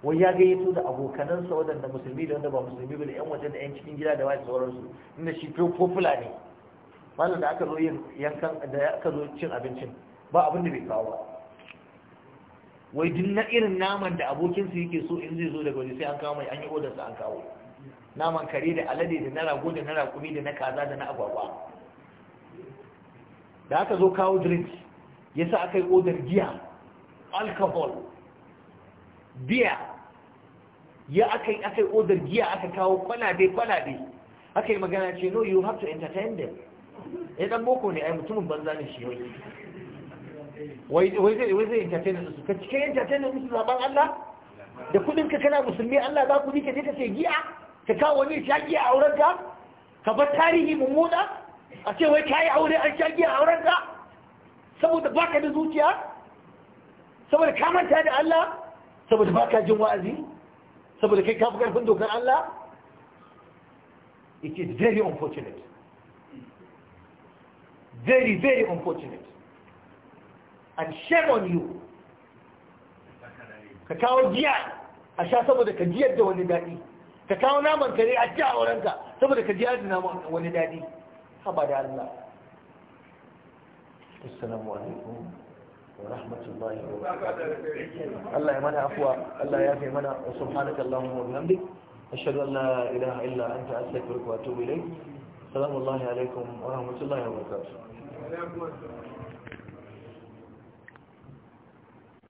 wai ya gayyato da abokanansa waɗanda musulmi da wanda ba musulmi ba da yan waje da yan cikin gida da wasu sauransu inda shi ko ne malam da aka zo yin yankan da aka zo cin abincin ba abin da bai kawo ba wai duk na irin naman da abokinsa yake so in zai zo daga waje sai an kawo mai an yi odarsa an kawo naman kare da alade da na rago da na rakumi da na kaza da na agwagwa da aka zo kawo drink yasa aka yi odar giya alcohol biya ya aka yi aka yi odar giya aka kawo kwalabe kwalabe aka yi magana ce no you have to entertain them ya eh, dan boko ne ai mutumin banza ne shi wai wai zai entertain su ka cike entertain su zaban Allah da kudin ka kana musulmi Allah ba ku ka je ka ce giya ka kawo wani shaƙi a aurenka ka bar tarihi mummuna a ce wai ka yi aure an shaƙi a aurenka saboda baka da zuciya saboda ka manta da Allah saboda baka jin wa'azi saboda kai ka fi ƙarfin dokar Allah it is very unfortunate very very unfortunate and shame on you ka kawo giya a sha saboda ka jiyar da wani daɗi ka kawo naman kare a ci a wurinka saboda ka ji adina wani daɗi haba da Allah assalamu alaikum wa rahmatullahi wa barakatuh Allah ya mana afuwa Allah ya fi mana wa subhanaka Allahumma wa bihamdik ashhadu an la ilaha illa anta astaghfiruka wa atubu ilayk salamu alaikum wa rahmatullahi wa barakatuh